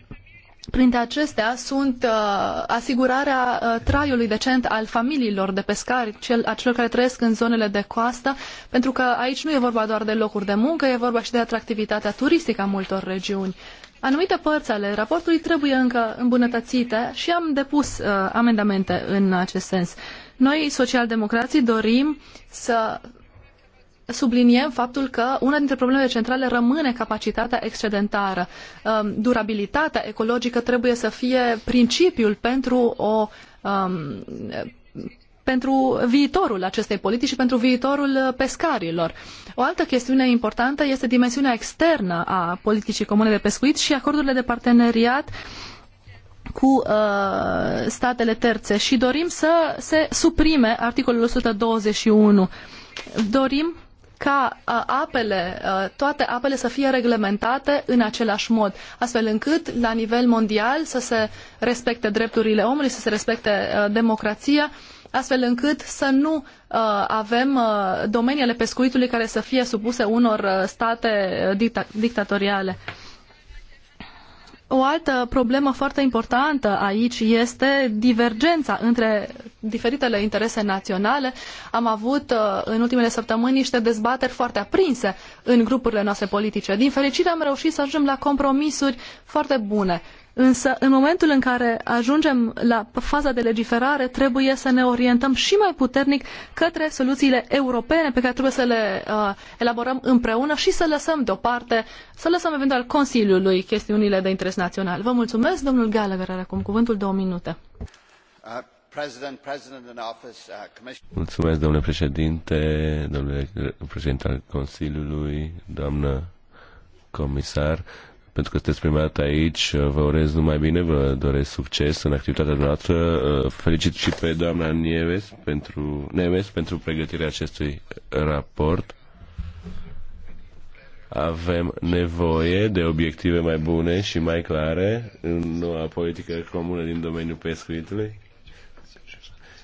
printre acestea sunt uh, asigurarea uh, traiului decent al familiilor de pescari, cel, a celor care trăiesc în zonele de coastă, pentru că aici nu e vorba doar de locuri de muncă, e vorba și de atractivitatea turistică a multor regiuni. Anumite părți ale raportului trebuie încă îmbunătățite și am depus uh, amendamente în acest sens. Noi, socialdemocrații, dorim să subliniem faptul că una dintre problemele centrale rămâne capacitatea excedentară. Um, durabilitatea ecologică trebuie să fie principiul pentru o um, pentru viitorul acestei politici și pentru viitorul pescarilor. O altă chestiune importantă este dimensiunea externă a politicii comune de pescuit și acordurile de parteneriat cu uh, statele terțe și dorim să se suprime articolul 121. Dorim ca apele, toate apele să fie reglementate în același mod, astfel încât la nivel mondial să se respecte drepturile omului, să se respecte democrația, astfel încât să nu avem domenii ale pescuitului care să fie supuse unor state dictatoriale. O altă problemă foarte importantă aici este divergența între diferitele interese naționale. Am avut uh, în ultimele săptămâni niște dezbateri foarte aprinse în grupurile noastre politice. Din fericire am reușit să ajungem la compromisuri foarte bune Însă, în momentul în care ajungem la faza de legiferare, trebuie să ne orientăm și mai puternic către soluțiile europene pe care trebuie să le uh, elaborăm împreună și să lăsăm deoparte, să lăsăm eventual Consiliului chestiunile de interes național. Vă mulțumesc, domnul Gallagher, are acum cuvântul două minute. Uh, president, office, uh, mulțumesc, domnule președinte, domnule președinte al Consiliului, doamnă comisar. Uh, pentru că sunteți prima dată aici. Vă urez numai bine, vă doresc succes în activitatea noastră. Uh, felicit și pe doamna Nieves pentru, Nieves pentru pregătirea acestui raport. Avem nevoie de obiective mai bune și mai clare în noua politică comună din domeniul pescuitului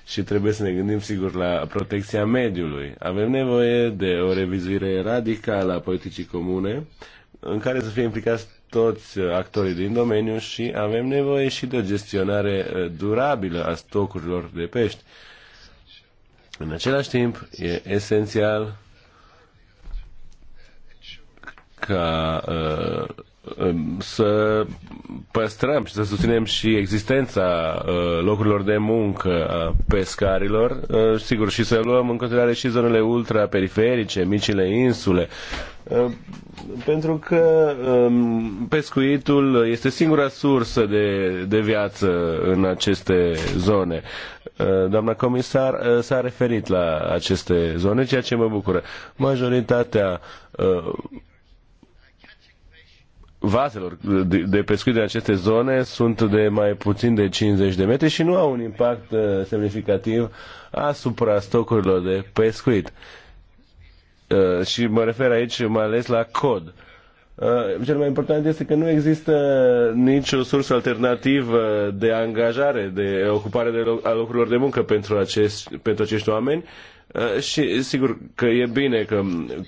și trebuie să ne gândim sigur la protecția mediului. Avem nevoie de o revizuire radicală a politicii comune în care să fie implicați toți actorii din domeniu și avem nevoie și de o gestionare eh, durabilă a stocurilor de pești. În același timp, e esențial ca uh, Ehm, să păstrăm și să susținem și existența uh, locurilor de muncă a pescarilor, uh, sigur, și să luăm în considerare și zonele ultraperiferice, micile insule, ehm, pentru că ehm, pescuitul este singura sursă de, de viață în aceste zone. Doamna comisar s-a referit la aceste zone, ceea ce mă bucură. Majoritatea vaselor de pescuit de aceste zone sunt de mai puțin de 50 de metri și nu au un impact uh, semnificativ asupra stocurilor de pescuit. Uh, și mă refer aici mai ales la cod. Uh, cel mai important este că nu există nicio sursă alternativă de angajare, de ocupare de loc, a locurilor de muncă pentru, acest, pentru acești oameni Uh, și sigur că e bine că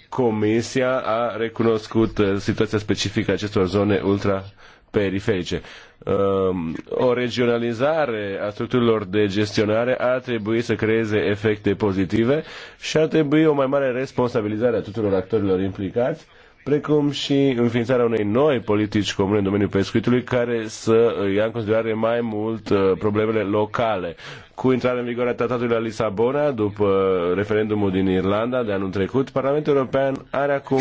Comisia a recunoscut uh, situația specifică a acestor zone ultraperiferice. Uh, o regionalizare a structurilor de gestionare ar trebui să creeze efecte pozitive și ar trebui o mai mare responsabilizare a tuturor actorilor implicați precum și înființarea unei noi politici comune în domeniul pescuitului care să ia în considerare mai mult uh, problemele locale. Cu intrarea în vigoare a tratatului la Lisabona, după referendumul din Irlanda de anul trecut, Parlamentul European are acum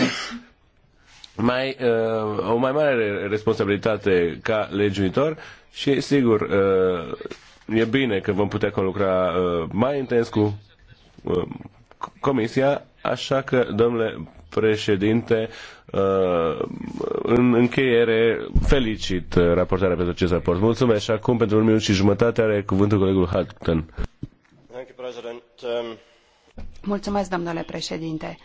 mai, uh, o mai mare responsabilitate ca legiuitor și, sigur, uh, e bine că vom putea lucra mai intens cu Comisia, așa că, domnule președinte, uh, în încheiere, felicit uh, raportarea pentru acest raport. Mulțumesc și acum pentru un minut și jumătate are cuvântul colegul Hutton. Um, Mulțumesc, domnule președinte.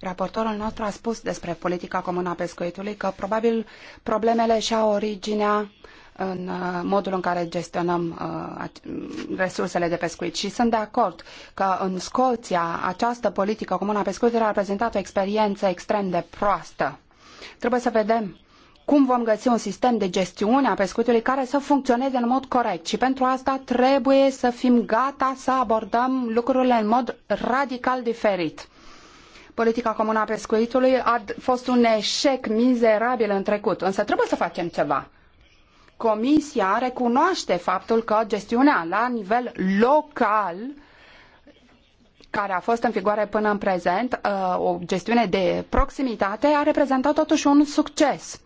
Raportorul nostru a spus despre politica comună a pescuitului că probabil problemele și-au originea uh, în uh, modul în care gestionăm uh, resursele de pescuit. Și sunt de acord că în Scoția această politică comună a pescuitului a reprezentat o experiență extrem de proastă. Trebuie să vedem cum vom găsi un sistem de gestiune a pescuitului care să funcționeze în mod corect. Și pentru asta trebuie să fim gata să abordăm lucrurile în mod radical diferit politica comună a pescuitului a fost un eșec mizerabil în trecut, însă trebuie să facem ceva. Comisia recunoaște faptul că gestiunea la nivel local care a fost în vigoare până în prezent, uh, o gestiune de proximitate, a reprezentat totuși un succes.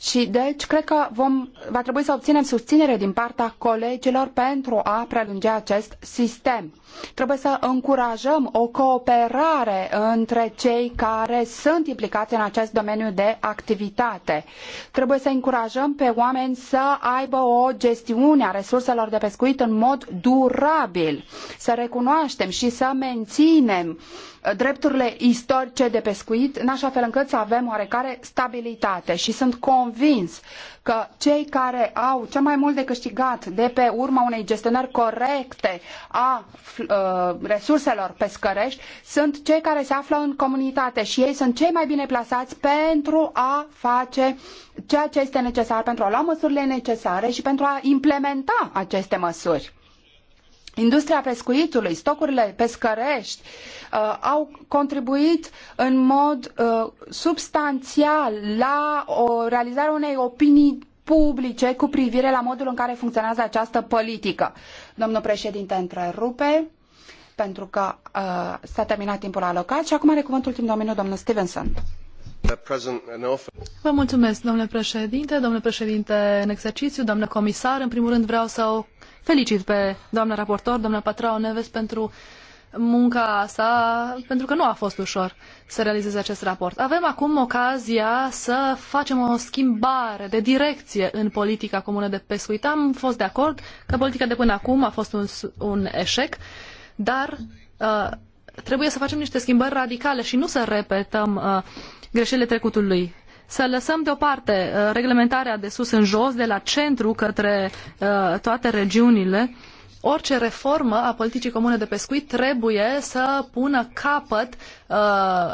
Și deci cred că vom, va trebui să obținem susținere din partea colegilor pentru a prelungi acest sistem. Trebuie să încurajăm o cooperare între cei care sunt implicați în acest domeniu de activitate. Trebuie să încurajăm pe oameni să aibă o gestiune a resurselor de pescuit în mod durabil, să recunoaștem și să menținem drepturile istorice de pescuit, în așa fel încât să avem oarecare stabilitate. Și sunt convins convins că cei care au cel mai mult de câștigat de pe urma unei gestionări corecte a uh, resurselor pescărești sunt cei care se află în comunitate și ei sunt cei mai bine plasați pentru a face ceea ce este necesar, pentru a lua măsurile necesare și pentru a implementa aceste măsuri. Industria pescuitului, stocurile pescărești uh, au contribuit în mod uh, substanțial la o realizarea unei opinii publice cu privire la modul în care funcționează această politică. Domnul președinte întrerupe pentru că uh, s-a terminat timpul alocat și acum are cuvântul timp domnul Stevenson. Uh, Vă mulțumesc, domnule președinte, domnule președinte în exercițiu, doamnă comisar. În primul rând vreau să o felicit pe doamna raportor, doamna Patrao Neves, pentru munca sa, pentru că nu a fost ușor să realizeze acest raport. Avem acum ocazia să facem o schimbare de direcție în politica comună de pescuit. Am fost de acord că politica de până acum a fost un, un eșec, dar uh, trebuie să facem niște schimbări radicale și nu să repetăm uh, greșelile trecutului. Să lăsăm deoparte uh, reglementarea de sus în jos, de la centru către uh, toate regiunile. Orice reformă a politicii comune de pescuit trebuie să pună capăt uh,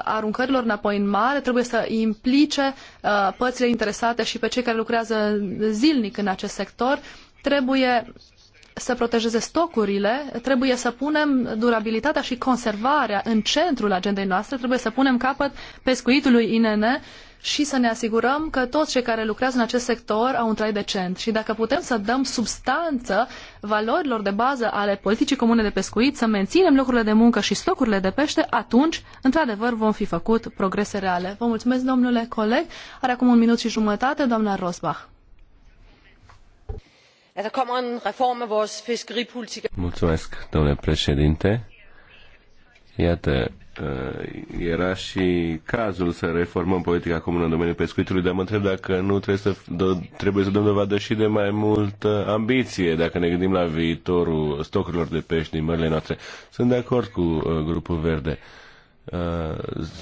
aruncărilor înapoi în mare, trebuie să implice uh, părțile interesate și pe cei care lucrează zilnic în acest sector, trebuie să protejeze stocurile, trebuie să punem durabilitatea și conservarea în centrul agendei noastre, trebuie să punem capăt pescuitului INN și să ne asigurăm că toți cei care lucrează în acest sector au un trai decent. Și dacă putem să dăm substanță valorilor de bază ale politicii comune de pescuit, să menținem locurile de muncă și stocurile de pește, atunci, într-adevăr, vom fi făcut progrese reale. Vă mulțumesc, domnule coleg. Are acum un minut și jumătate, doamna Rosbach at der da kommer en reform af vores fiskeripolitik. Mulțumesc, domnule președinte. Iată, uh, era și cazul să reformăm politica comună în domeniul pescuitului, dar mă întreb dacă nu trebuie să, do- trebuie să dăm dovadă și de mai multă ambiție, dacă ne gândim la viitorul stocurilor de pești din mările noastre. Sunt de acord cu uh, grupul verde. Uh,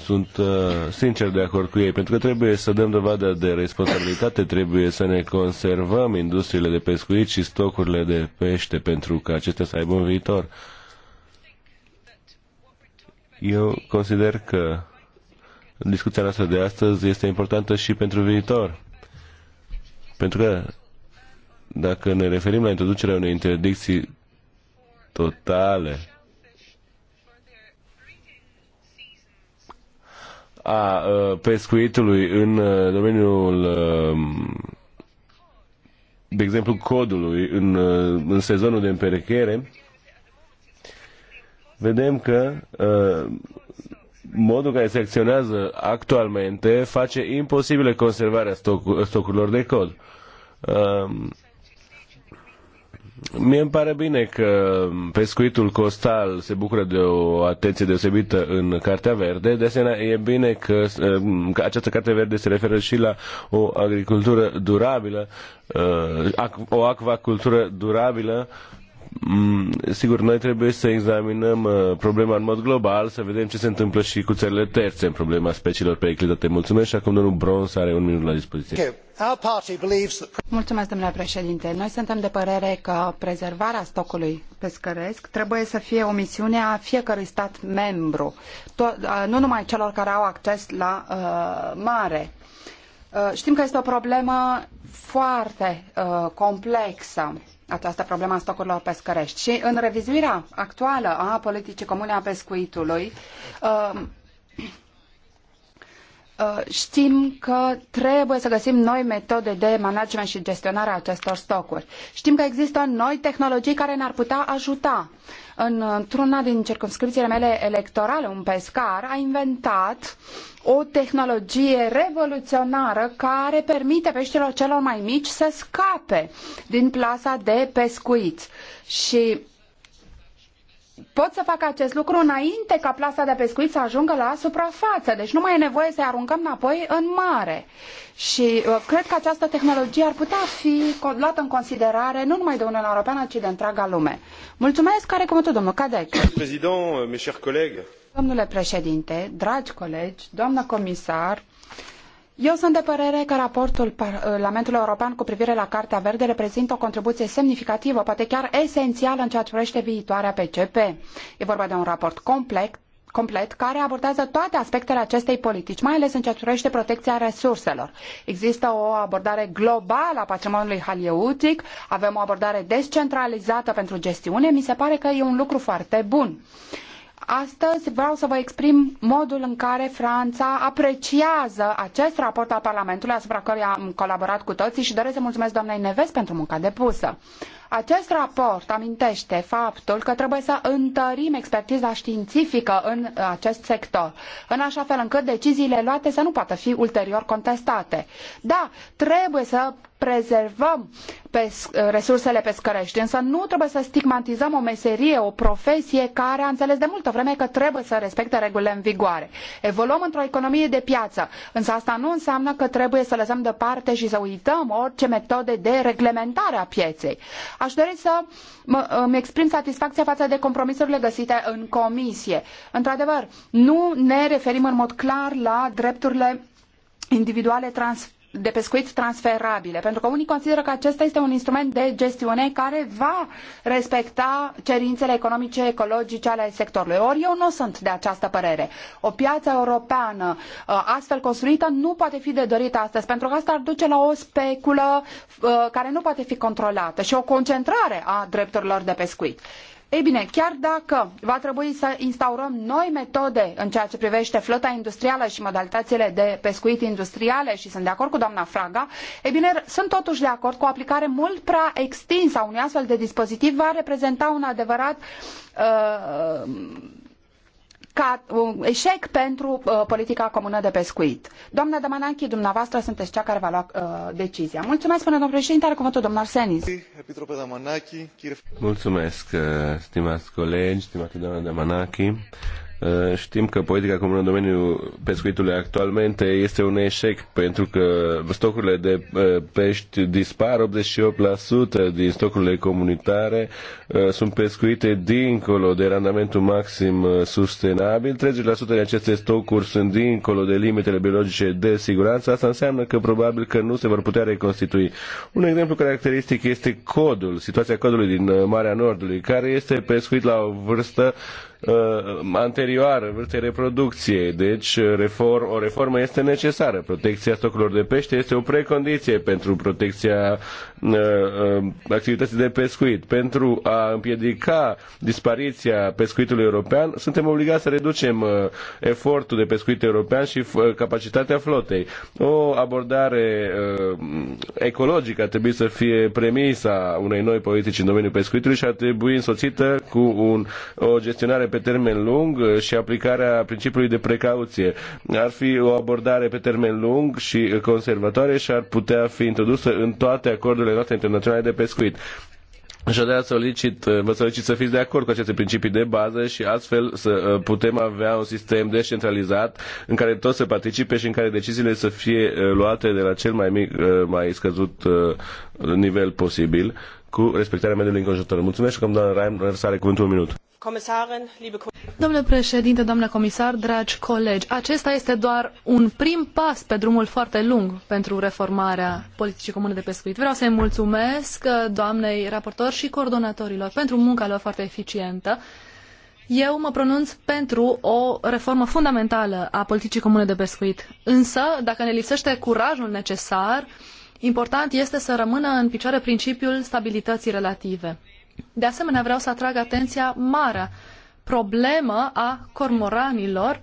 sunt uh, sincer de acord cu ei, pentru că trebuie să dăm dovadă de responsabilitate, trebuie să ne conservăm industriile de pescuit și stocurile de pește pentru că acestea să aibă un viitor. Eu consider că discuția noastră de astăzi este importantă și pentru viitor. Pentru că dacă ne referim la introducerea unei interdicții totale a pescuitului în domeniul de exemplu codului în, în sezonul de împerechere, vedem că modul care se acționează actualmente face imposibilă conservarea stoc- stocurilor de cod. Mie îmi pare bine că pescuitul costal se bucură de o atenție deosebită în Cartea Verde. De asemenea, e bine că, uh, că această Carte Verde se referă și la o agricultură durabilă, uh, o acvacultură durabilă Mm, sigur, noi trebuie să examinăm uh, problema în mod global, să vedem ce se întâmplă și cu țările terțe în problema speciilor periclitate. Mulțumesc și acum domnul Brons are un minut la dispoziție. Mulțumesc, domnule președinte. Noi suntem de părere că prezervarea stocului pescăresc trebuie să fie o misiune a fiecărui stat membru, uh, nu numai celor care au acces la uh, mare. Uh, știm că este o problemă foarte uh, complexă această problemă a stocurilor pescărești. Și în revizuirea actuală a politicii comune a pescuitului, uh, Uh, știm că trebuie să găsim noi metode de management și gestionare a acestor stocuri. Știm că există noi tehnologii care ne-ar putea ajuta. Într-una din circumscripțiile mele electorale, un pescar a inventat o tehnologie revoluționară care permite peștilor celor mai mici să scape din plasa de pescuit. Și pot să fac acest lucru înainte ca plasa de pescuit să ajungă la suprafață. Deci nu mai e nevoie să-i aruncăm înapoi în mare. Și uh, cred că această tehnologie ar putea fi luată în considerare nu numai de Uniunea Europeană, ci de întreaga lume. Mulțumesc, care cuvântul, domnul Cadec. Domnule președinte, dragi colegi, doamnă comisar, eu sunt de părere că raportul Parlamentului European cu privire la Cartea Verde reprezintă o contribuție semnificativă, poate chiar esențială în ceea ce privește viitoarea PCP. E vorba de un raport complex, complet care abordează toate aspectele acestei politici, mai ales în ceea ce privește protecția resurselor. Există o abordare globală a patrimoniului halieutic, avem o abordare descentralizată pentru gestiune, mi se pare că e un lucru foarte bun. Uh, Astăzi vreau să vă exprim modul în care Franța apreciază acest raport al Parlamentului asupra căruia am colaborat cu toții și doresc să mulțumesc doamnei Neves pentru munca depusă. Acest raport amintește faptul că trebuie să întărim expertiza științifică în acest sector, în așa fel încât deciziile luate să nu poată fi ulterior contestate. Da, trebuie să prezervăm pes resursele pescărești, însă nu trebuie să stigmatizăm o meserie, o profesie care a înțeles de multă vreme că trebuie să respecte regulile în vigoare. Evoluăm într-o economie de piață, însă asta nu înseamnă că trebuie să lăsăm deoparte și să uităm orice metode de reglementare a pieței. Aș dori să mă, îmi exprim satisfacția față de compromisurile găsite în comisie. Într-adevăr, nu ne referim în mod clar la drepturile individuale trans de pescuit transferabile, pentru că unii consideră că acesta este un instrument de gestiune care va respecta cerințele economice, ecologice ale sectorului. Ori eu nu sunt de această părere. O piață europeană uh, astfel construită nu poate fi de dorită astăzi, pentru că asta ar duce la o speculă uh, care nu poate fi controlată și o concentrare a drepturilor de pescuit. Ei bine, chiar dacă va trebui să instaurăm noi metode în ceea ce privește flota industrială și modalitățile de pescuit industriale și sunt de acord cu doamna Fraga, ei bine, sunt totuși de acord cu o aplicare mult prea extinsă a unui astfel de dispozitiv va reprezenta un adevărat uh, ca un um, eșec pentru uh, politica comună de pescuit. Doamna Damanachi, dumneavoastră sunteți cea care va lua uh, decizia. Mulțumesc, până domnul președinte, are cuvântul domnul Arsenis. Mulțumesc, uh, stimați colegi, stimate doamna Damanachi. Eh, știm că politica comună în domeniul pescuitului actualmente este un eșec pentru că stocurile de eh, pești dispar, 88% din stocurile comunitare eh, sunt pescuite dincolo de randamentul maxim sustenabil, 30% din aceste stocuri sunt dincolo de limitele biologice de siguranță, asta înseamnă că probabil că nu se vor putea reconstitui. Un exemplu caracteristic este codul, situația codului din Marea Nordului, care este pescuit la o vârstă Uh, anterioară, vârste reproducției. Deci reform, o reformă este necesară. Protecția stocurilor de pește este o precondiție pentru protecția uh, uh, activității de pescuit. Pentru a împiedica dispariția pescuitului european, suntem obligați să reducem efortul de pescuit european și capacitatea flotei. O abordare ecologică ar trebui să fie premisa unei noi politici în domeniul pescuitului și ar trebui însoțită cu un, o gestionare pe termen lung și aplicarea principiului de precauție. Ar fi o abordare pe termen lung și conservatoare și ar putea fi introdusă în toate acordurile noastre internaționale de pescuit. Și de solicit, vă solicit să fiți de acord cu aceste principii de bază și astfel să uh, putem avea un sistem descentralizat în care toți să participe și în care deciziile să fie uh, luate de la cel mai mic, uh, mai scăzut nivel posibil cu respectarea mediului înconjurător. Mulțumesc și că doamna Raim, să are cuvântul un minut. Domnule președinte, domnule comisar, dragi colegi, acesta este doar un prim pas pe drumul foarte lung pentru reformarea politicii comune de pescuit. Vreau să-i mulțumesc uh, doamnei raportor și coordonatorilor pentru munca lor foarte eficientă. Eu mă pronunț pentru o reformă fundamentală a politicii comune de pescuit. Însă, dacă ne lipsește curajul necesar, important este să rămână în picioare principiul stabilității relative. De asemenea, vreau să atrag atenția mare problemă a cormoranilor.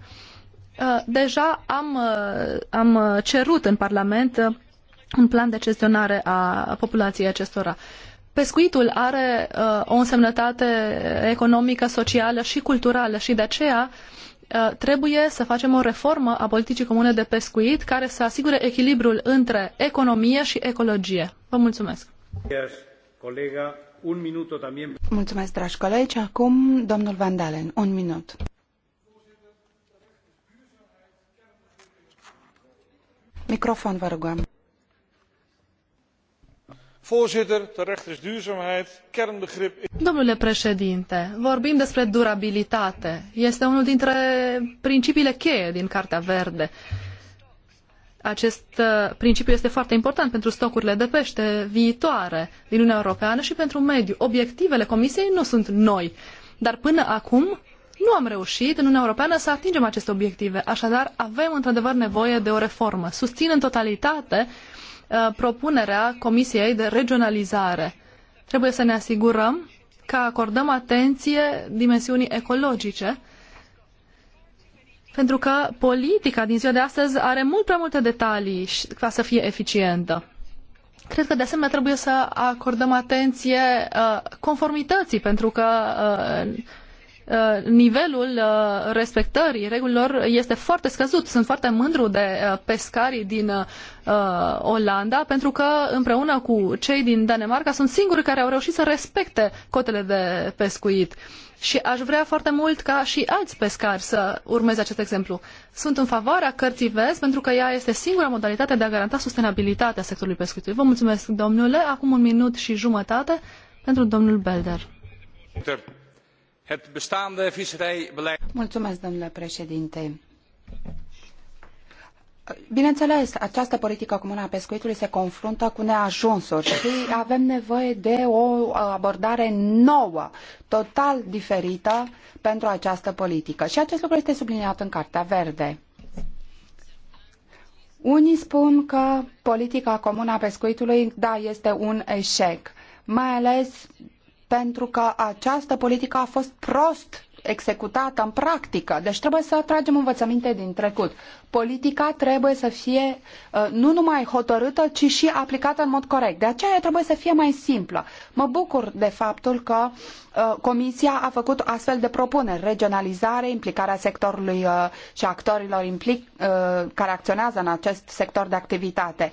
Uh, deja am, uh, am cerut în Parlament uh, un plan de gestionare a populației acestora. Pescuitul are o însemnătate economică, socială și culturală și de aceea trebuie să facem o reformă a politicii comune de pescuit care să asigure echilibrul între economie și ecologie. Vă mulțumesc! Yes, colega. Un minut también. Mulțumesc, dragi colegi. Acum, domnul Van Dalen, un minut. Microfon, vă rugăm. Voorzitter, terecht is duurzaamheid kernbegrip. Domnule președinte, vorbim despre durabilitate. Este unul dintre principiile cheie din Cartea Verde acest uh, principiu este foarte important pentru stocurile de pește viitoare din Uniunea Europeană și pentru mediu. Obiectivele Comisiei nu sunt noi, dar până acum nu am reușit în Uniunea Europeană să atingem aceste obiective. Așadar, avem într-adevăr nevoie de o reformă. Susțin în totalitate uh, propunerea Comisiei de regionalizare. Trebuie să ne asigurăm că acordăm atenție dimensiunii ecologice pentru că politica din ziua de astăzi are mult prea multe detalii ca să fie eficientă. Cred că de asemenea trebuie să acordăm atenție uh, conformității, pentru că uh, Uh, nivelul uh, respectării regulilor este foarte scăzut. Sunt foarte mândru de uh, pescarii din Olanda pentru că împreună cu cei din Danemarca sunt singurii care au reușit să respecte cotele de pescuit. Și aș vrea foarte mult ca și alți pescari să urmeze acest exemplu. Sunt în favoarea cărții vest pentru că ea este singura modalitate de a garanta sustenabilitatea sectorului pescuitului. Vă mulțumesc, domnule. Acum un minut și jumătate pentru domnul Belder het bestaande visserijbeleid. Mulțumesc, domnule președinte. Bineînțeles, această politică comună a pescuitului se confruntă cu neajunsuri și avem nevoie de o abordare nouă, total diferită pentru această politică. Și acest lucru este subliniat în Cartea Verde. Unii spun că politica comună a pescuitului, da, este un eșec, mai ales pentru că această politică a fost prost executată în practică. Deci trebuie să tragem învățăminte din trecut politica trebuie să fie uh, nu numai hotărâtă, ci și aplicată în mod corect. De aceea trebuie să fie mai simplă. Mă bucur de faptul că uh, Comisia a făcut astfel de propuneri, regionalizare, implicarea sectorului uh, și actorilor implic, care acționează în acest sector de activitate.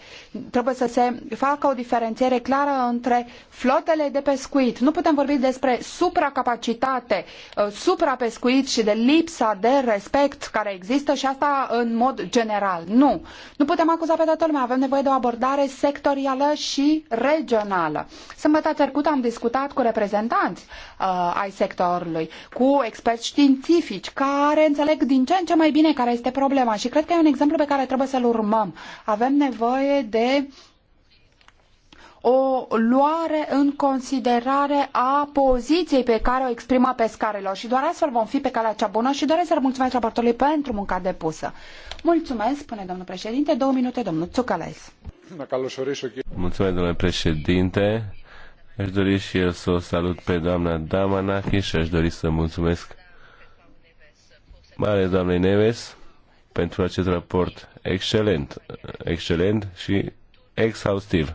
Trebuie să se facă o diferențiere clară între flotele de pescuit. Nu putem vorbi despre supracapacitate, suprapescuit și de lipsa de respect care există și asta în mod mod general. Nu. Nu putem acuza pe toată lumea. Avem nevoie de o abordare sectorială și regională. Sâmbătă trecută am discutat cu reprezentanți uh, ai sectorului, cu experți științifici care înțeleg din ce în ce mai bine care este problema și cred că e un exemplu pe care trebuie să-l urmăm. Avem nevoie de uh, o luare în considerare a poziției pe care o exprimă pescarilor și doar astfel vom fi pe calea cea bună și doresc să mulțumesc raportorului pentru munca depusă. Mulțumesc, spune domnul președinte. Două minute, domnul Tsukalais. Mulțumesc, domnule președinte. Aș dori și eu să o salut pe doamna Damanachi și aș dori să mulțumesc mare doamnei Neves pentru acest raport excelent, excelent și exhaustiv.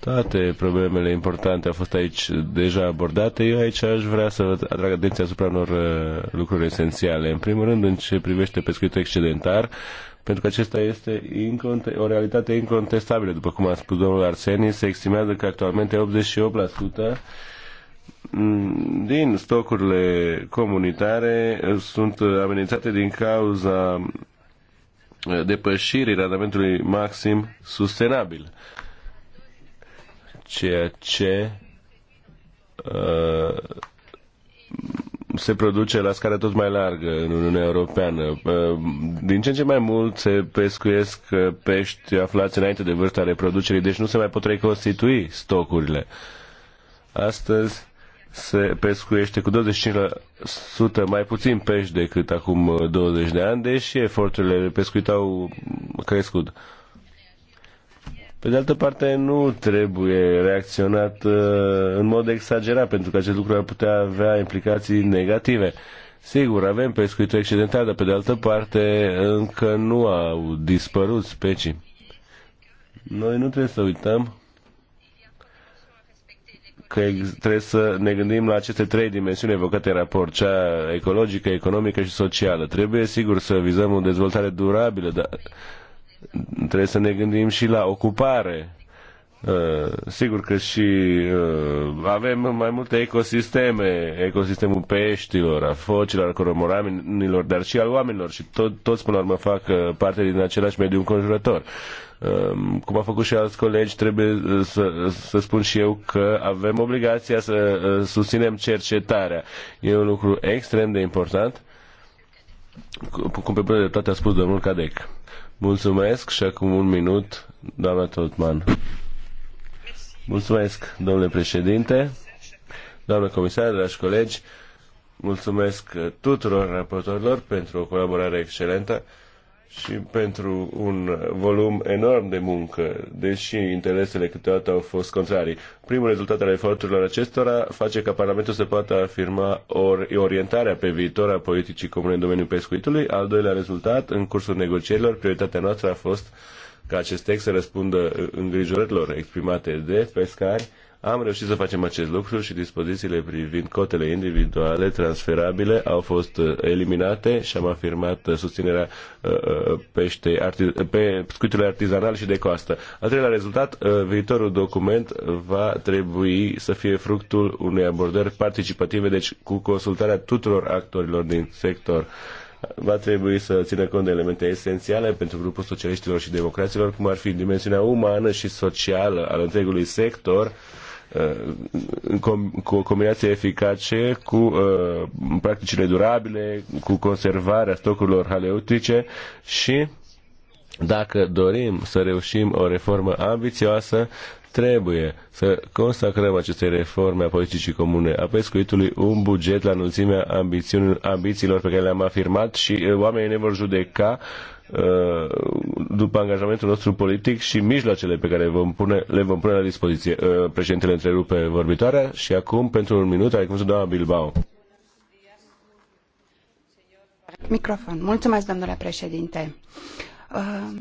Toate problemele importante au fost aici deja abordate. Eu aici aș vrea să atrag atenția asupra unor uh, lucruri esențiale. În primul rând, în ce privește pescuitul excedentar, pentru că acesta este o realitate incontestabilă. După cum a spus domnul Arseni, se estimează că actualmente 88% din stocurile comunitare sunt amenințate din cauza depășirii randamentului maxim sustenabil ceea ce uh, se produce la scară tot mai largă în Uniunea Europeană. Uh, din ce în ce mai mult se pescuiesc uh, pești aflați înainte de vârsta reproducerii, deci nu se mai pot reconstitui stocurile. Astăzi se pescuiește cu 25% mai puțin pești decât acum 20 uh, de ani, deși eforturile pescuit au crescut. Pe de altă parte, nu trebuie reacționat uh, în mod exagerat, pentru că acest lucru ar putea avea implicații negative. Sigur, avem pescuitul excedentar, dar pe de altă parte încă nu au dispărut specii. Noi nu trebuie să uităm că trebuie să ne gândim la aceste trei dimensiuni evocate în raport, cea ecologică, economică și socială. Trebuie, sigur, să vizăm o dezvoltare durabilă, dar Trebuie să ne gândim și la ocupare. Uh, sigur că și uh, avem mai multe ecosisteme, ecosistemul peștilor, a focilor, a coromoranilor, dar și al oamenilor și tot, toți până la urmă fac uh, parte din același mediu înconjurător um, cum a făcut și alți colegi, trebuie să, să spun și eu că avem obligația să susținem cercetarea. E un lucru extrem de important, cum pe bună a spus domnul Cadec. Mulțumesc și acum un minut, doamna Totman. Mulțumesc, domnule președinte, doamnă comisar, dragi colegi, mulțumesc tuturor raportorilor pentru o colaborare excelentă și pentru un volum enorm de muncă, deși interesele câteodată au fost contrarii. Primul rezultat al eforturilor acestora face ca Parlamentul să poată afirma or- orientarea pe viitor a politicii comune în domeniul pescuitului. Al doilea rezultat, în cursul negocierilor, prioritatea noastră a fost ca acest text să răspundă îngrijorărilor exprimate de pescari am reușit să facem acest lucru și dispozițiile privind cotele individuale transferabile au fost uh, eliminate și am afirmat uh, susținerea uh, pește, arti- pe artizanal și de coastă. Al treilea rezultat, viitorul document va trebui să fie fructul unei abordări participative, deci cu consultarea tuturor actorilor din sector va trebui să țină cont de elemente esențiale pentru grupul socialiștilor și democraților, cum ar fi dimensiunea umană și socială al întregului sector, cu o combinație eficace cu uh, practicile durabile, cu conservarea stocurilor haleutice și dacă dorim să reușim o reformă ambițioasă, trebuie să consacrăm aceste reforme a politicii comune a pescuitului un buget la înălțimea ambițiilor pe care le-am afirmat și uh, oamenii ne vor judeca uh, Uh, după angajamentul nostru politic și mijloacele pe care vom pune, le vom pune la dispoziție. Uh, președintele întrerupe vorbitoarea și acum, pentru un minut, are cuvântul doamna Bilbao. Microfon. Mulțumesc, domnule președinte. Uh,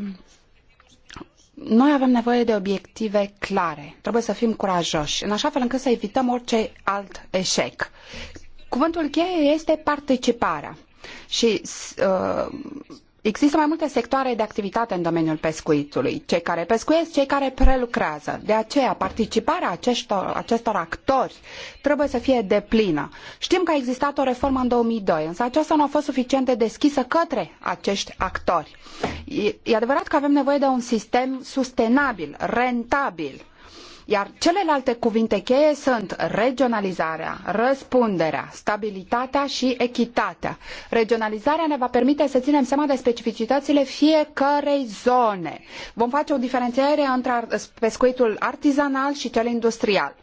noi avem nevoie de obiective clare. Trebuie să fim curajoși, în așa fel încât să evităm orice alt eșec. Cuvântul cheie este participarea. Și uh, Există mai multe sectoare de activitate în domeniul pescuitului. Cei care pescuiesc, cei care prelucrează. De aceea, participarea acestor, acestor actori trebuie să fie deplină. Știm că a existat o reformă în 2002, însă aceasta nu a fost suficient de deschisă către acești actori. E, e adevărat că avem nevoie de un sistem sustenabil, rentabil iar celelalte cuvinte cheie sunt regionalizarea, răspunderea, stabilitatea și echitatea. Regionalizarea ne va permite să ținem seama de specificitățile fiecărei zone. Vom face o diferențiere între pescuitul artizanal și cel industrial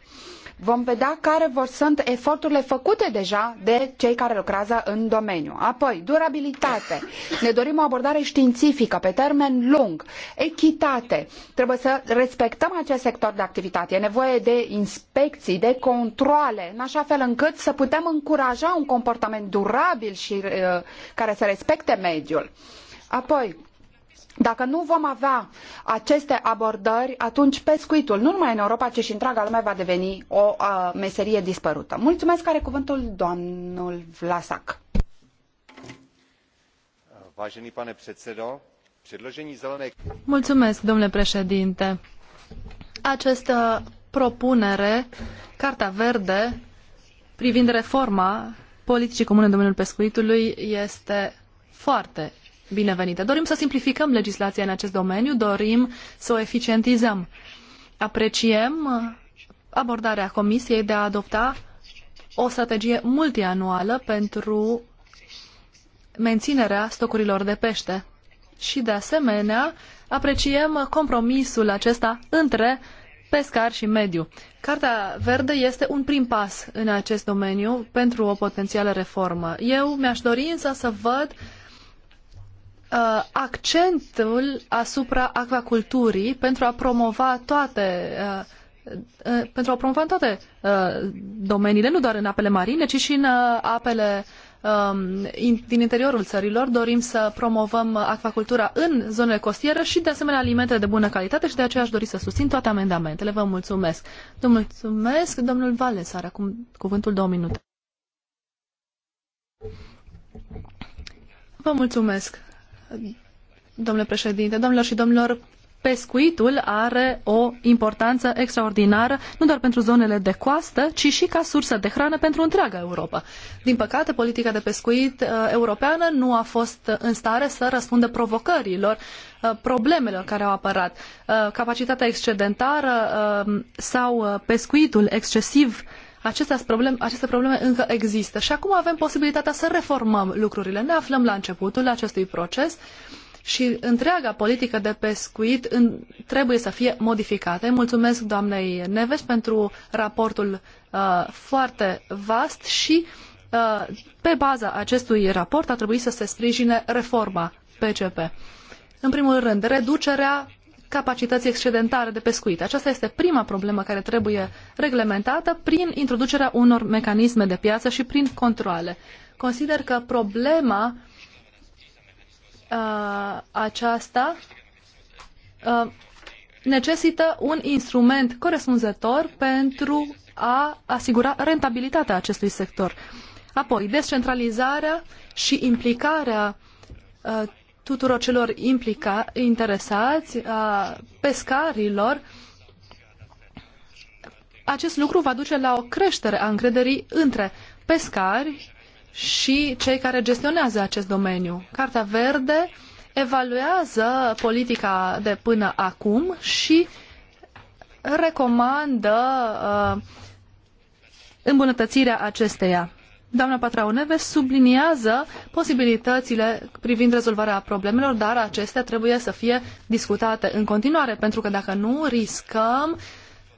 vom vedea care vor sunt eforturile făcute deja de cei care lucrează în domeniu. Apoi, durabilitate. Ne dorim o abordare științifică pe termen lung, echitate. Trebuie să respectăm acest sector de activitate. E nevoie de inspecții, de controle, în așa fel încât să putem încuraja un comportament durabil și uh, care să respecte mediul. Apoi, dacă nu vom avea aceste abordări, atunci pescuitul, nu numai în Europa, ci și întreaga lume, va deveni o a, meserie dispărută. Mulțumesc, are cuvântul domnul Vlasac. Vážený pane předsedo, předložení zelené... Mulțumesc, domnule președinte. Această propunere, Carta Verde, privind reforma politicii comune în domeniul pescuitului, este foarte binevenite. Dorim să simplificăm legislația în acest domeniu, dorim să o eficientizăm. Apreciem uh, abordarea Comisiei de a adopta o strategie multianuală pentru menținerea stocurilor de pește. Și, de asemenea, apreciem compromisul acesta între pescar și mediu. Cartea verde este un prim pas în acest domeniu pentru o potențială reformă. Eu mi-aș dori însă să văd Uh, accentul asupra acvaculturii pentru a promova toate uh, uh, pentru a promova toate domeniile, nu doar în apele marine, ci și în apele um, din interiorul țărilor. Dorim să promovăm acvacultura în zonele costiere și, de asemenea, alimentele de bună calitate și de aceea aș dori să susțin toate amendamentele. Vă mulțumesc. Vă mulțumesc. Domnul Vales are acum cuvântul două minute. Vă mulțumesc, domnule președinte, domnilor și domnilor, pescuitul are o importanță extraordinară, nu doar pentru zonele de coastă, ci și ca sursă de hrană pentru întreaga Europa. Din păcate, politica de pescuit uh, europeană nu a fost uh, în stare să răspundă provocărilor, uh, problemelor care au apărat. capacitatea excedentară sau pescuitul excesiv aceste probleme, aceste probleme încă există și acum avem posibilitatea să reformăm lucrurile. Ne aflăm la începutul acestui proces și întreaga politică de pescuit în, trebuie să fie modificată. Mulțumesc doamnei Neves pentru raportul uh, foarte vast și uh, pe baza acestui raport a trebuit să se sprijine reforma PCP. În primul rând, reducerea capacități excedentare de pescuit. Aceasta este prima problemă care trebuie reglementată prin introducerea unor mecanisme de piață și prin controle. Consider că problema uh, aceasta uh, necesită un instrument corespunzător pentru a asigura rentabilitatea acestui sector. Apoi, descentralizarea și implicarea uh, tuturor celor implica, interesați, a pescarilor, acest lucru va duce la o creștere a încrederii între pescari și cei care gestionează acest domeniu. Cartea Verde evaluează politica de până acum și recomandă uh, îmbunătățirea acesteia doamna Patrau subliniază posibilitățile privind rezolvarea problemelor, dar acestea trebuie să fie discutate în continuare, pentru că dacă nu, riscăm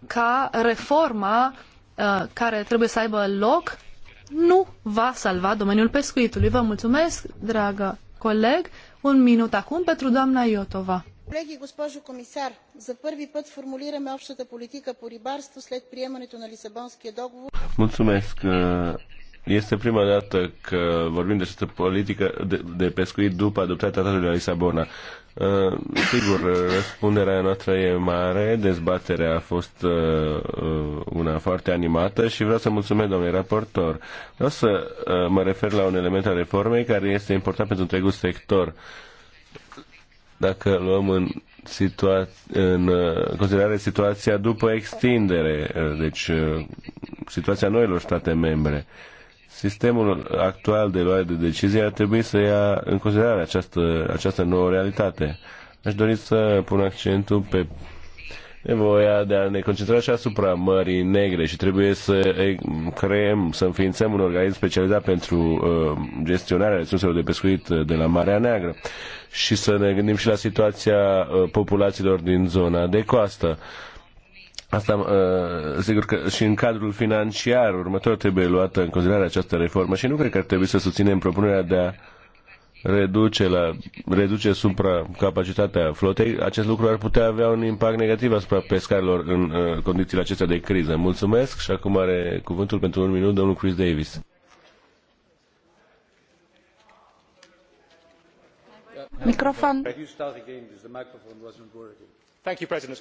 ca reforma uh, care trebuie să aibă loc nu va salva domeniul pescuitului. Vă mulțumesc, dragă coleg. Un minut acum pentru doamna Iotova. Колеги, госпожо комисар, за първи път формулираме общата политика по рибарство след приемането на Лисабонския договор. Mulțumesc, uh, este prima dată că vorbim de această politică de, de pescuit după adoptarea tratatului de la Lisabona. Uh, sigur, răspunderea noastră e mare, dezbaterea a fost uh, uh, una foarte animată și vreau să mulțumesc domnule raportor. Vreau să uh, mă refer la un element al reformei care este important pentru întregul sector. Dacă luăm în, situa- în uh, considerare situația după extindere, uh, deci situația noilor state membre, uh, Sistemul actual de luare de decizie ar trebui să ia în considerare această, această nouă realitate. Aș dori să pun accentul pe nevoia de a ne concentra și asupra Mării Negre și trebuie să creăm, să înființăm un organism specializat pentru uh, gestionarea resurselor de pescuit de la Marea Neagră și să ne gândim și la situația uh, populațiilor din zona de coastă. Uh, Asta, uh, sigur că și în cadrul financiar următor trebuie luată în considerare această reformă și nu cred că ar trebui să susținem propunerea de a reduce, la, reduce capacitatea flotei. Acest lucru ar putea avea un impact negativ asupra pescarilor în uh, condițiile acestea de criză. Mulțumesc și acum are cuvântul pentru un minut domnul Chris Davis. Microfon. Thank you, President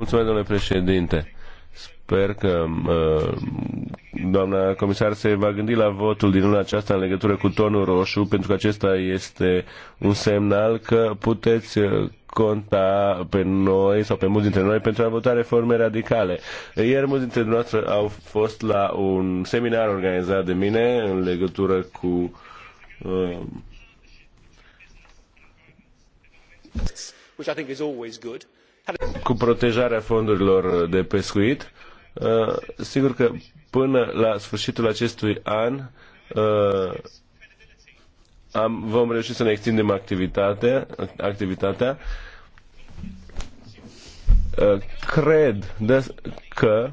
Mulțumesc, domnule președinte. Sper că uh, doamna comisar se va gândi la votul din luna aceasta în legătură cu tonul roșu, pentru că acesta este un semnal că puteți uh, conta pe noi sau pe mulți dintre noi pentru a vota reforme radicale. Ieri mulți dintre noastre au fost la un seminar organizat de mine în legătură cu uh, which I think is always good cu protejarea fondurilor de pescuit. Uh, sigur că până la sfârșitul acestui an uh, am, vom reuși să ne extindem activitatea, activitatea. Uh, cred că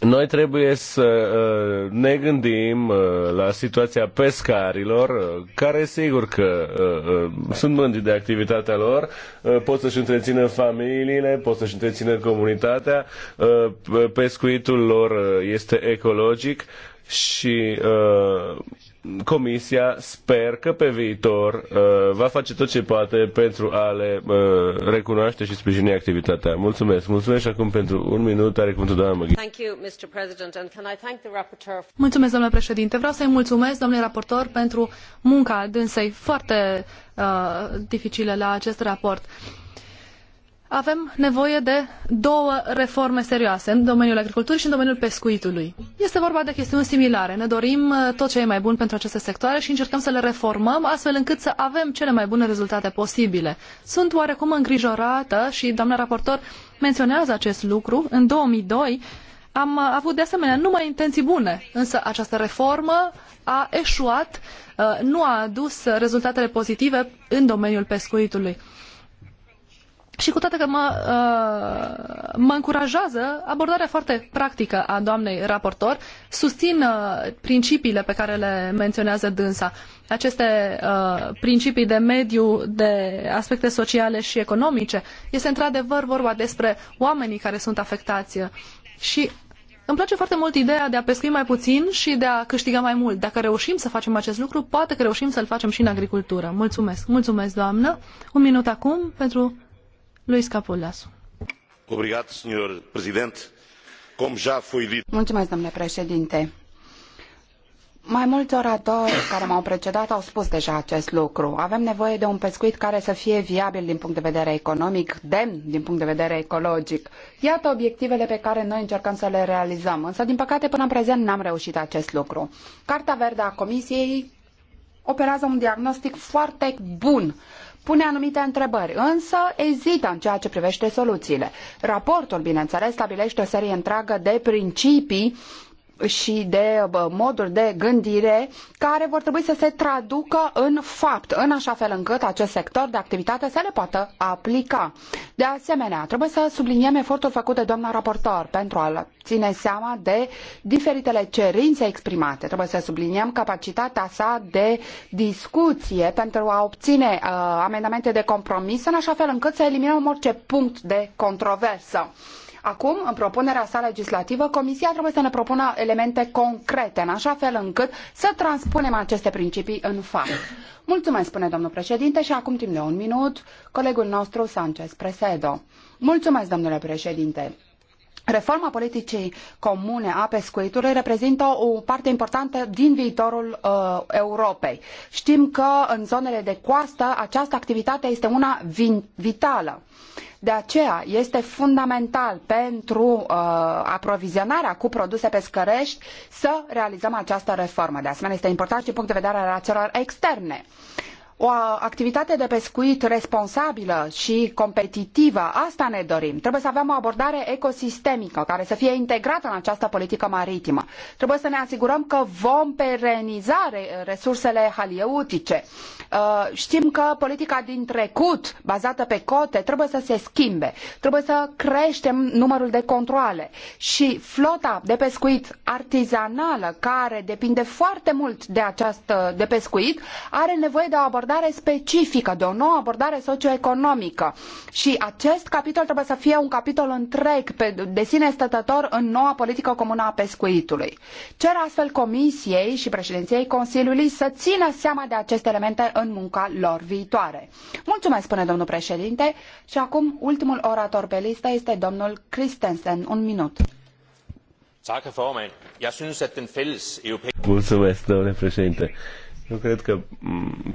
noi trebuie să uh, ne gândim uh, la situația pescarilor, uh, care sigur că sunt mândri de activitatea lor, pot să-și întrețină familiile, pot să-și întrețină comunitatea, pescuitul lor este ecologic și Comisia sper că pe viitor uh, va face tot ce poate pentru a le uh, recunoaște și sprijini activitatea. Mulțumesc. Mulțumesc și acum pentru un minut are cuvântul doamna Măghi. Mulțumesc, domnule președinte. Vreau să-i mulțumesc, domnule raportor, pentru munca dânsei foarte uh, dificilă la acest raport. Uh, avem nevoie de două reforme serioase în domeniul agriculturii și în domeniul pescuitului. Este vorba de chestiuni similare. Ne dorim uh, tot ce e mai bun pentru aceste sectoare și încercăm să le reformăm astfel încât să avem cele mai bune rezultate posibile. Sunt oarecum îngrijorată și doamna raportor menționează acest lucru. În 2002 am uh, avut de asemenea numai intenții bune, însă această reformă a eșuat, uh, nu a adus rezultatele pozitive în domeniul pescuitului. Și cu toate că mă, uh, mă încurajează abordarea foarte practică a doamnei raportor, susțin uh, principiile pe care le menționează dânsa. Aceste uh, principii de mediu, de aspecte sociale și economice, este într-adevăr vorba despre oamenii care sunt afectați. Și îmi place foarte mult ideea de a pescui mai puțin și de a câștiga mai mult. Dacă reușim să facem acest lucru, poate că reușim să-l facem și în agricultură. Mulțumesc. Mulțumesc, doamnă. Un minut acum pentru Luis Capulas. senhor presidente. já foi dito... Mulțumesc, domnule președinte. Mai mulți oratori care m-au precedat au spus deja acest lucru. Avem nevoie de un pescuit care să fie viabil din punct de vedere economic, demn din punct de vedere ecologic. Iată obiectivele pe care noi încercăm să le realizăm, însă din păcate până în prezent n-am reușit acest lucru. Carta verde a Comisiei operează un diagnostic foarte bun pune anumite întrebări, însă ezită în ceea ce privește soluțiile. Raportul, bineînțeles, stabilește o serie întreagă de principii și de moduri de gândire care vor trebui să se traducă în fapt, în așa fel încât acest sector de activitate să le poată aplica. De asemenea, trebuie să subliniem efortul făcut de doamna raportor pentru a ține seama de diferitele cerințe exprimate. Trebuie să subliniem capacitatea sa de discuție pentru a obține uh, amendamente de compromis, în așa fel încât să eliminăm orice punct de controversă Acum, în propunerea sa legislativă, Comisia trebuie să ne propună elemente concrete, în așa fel încât să transpunem aceste principii în fapt. Mulțumesc, spune domnul președinte, și acum timp de un minut, colegul nostru Sanchez Presedo. Mulțumesc, domnule președinte. Reforma politicii comune a pescuitului reprezintă o parte importantă din viitorul uh, Europei. Știm că în zonele de coastă această activitate este una vitală. De aceea este fundamental pentru uh, aprovizionarea cu produse pescărești să realizăm această reformă. De asemenea, este important și din punct de vedere al relațiilor externe. Uh, o activitate de pescuit responsabilă și competitivă, asta ne dorim. Trebuie să avem o abordare ecosistemică care să fie integrată în această politică maritimă. Trebuie să ne asigurăm că vom pereniza resursele halieutice. Uh, știm că politica din trecut, bazată pe cote, trebuie să se schimbe. Trebuie să creștem numărul de controle. Și flota de pescuit artizanală, care depinde foarte mult de, această, de pescuit, are nevoie de o abordare abordare specifică, de o nouă abordare socioeconomică. Și acest capitol trebuie să fie un capitol întreg, pe, de sine stătător, în noua politică comună a pescuitului. Cer astfel Comisiei și președinției Consiliului să țină seama de aceste elemente în munca lor viitoare. Mulțumesc, spune domnul președinte, și acum ultimul orator pe listă este domnul Christensen. Un minut. Mulțumesc, domnule președinte. Eu cred că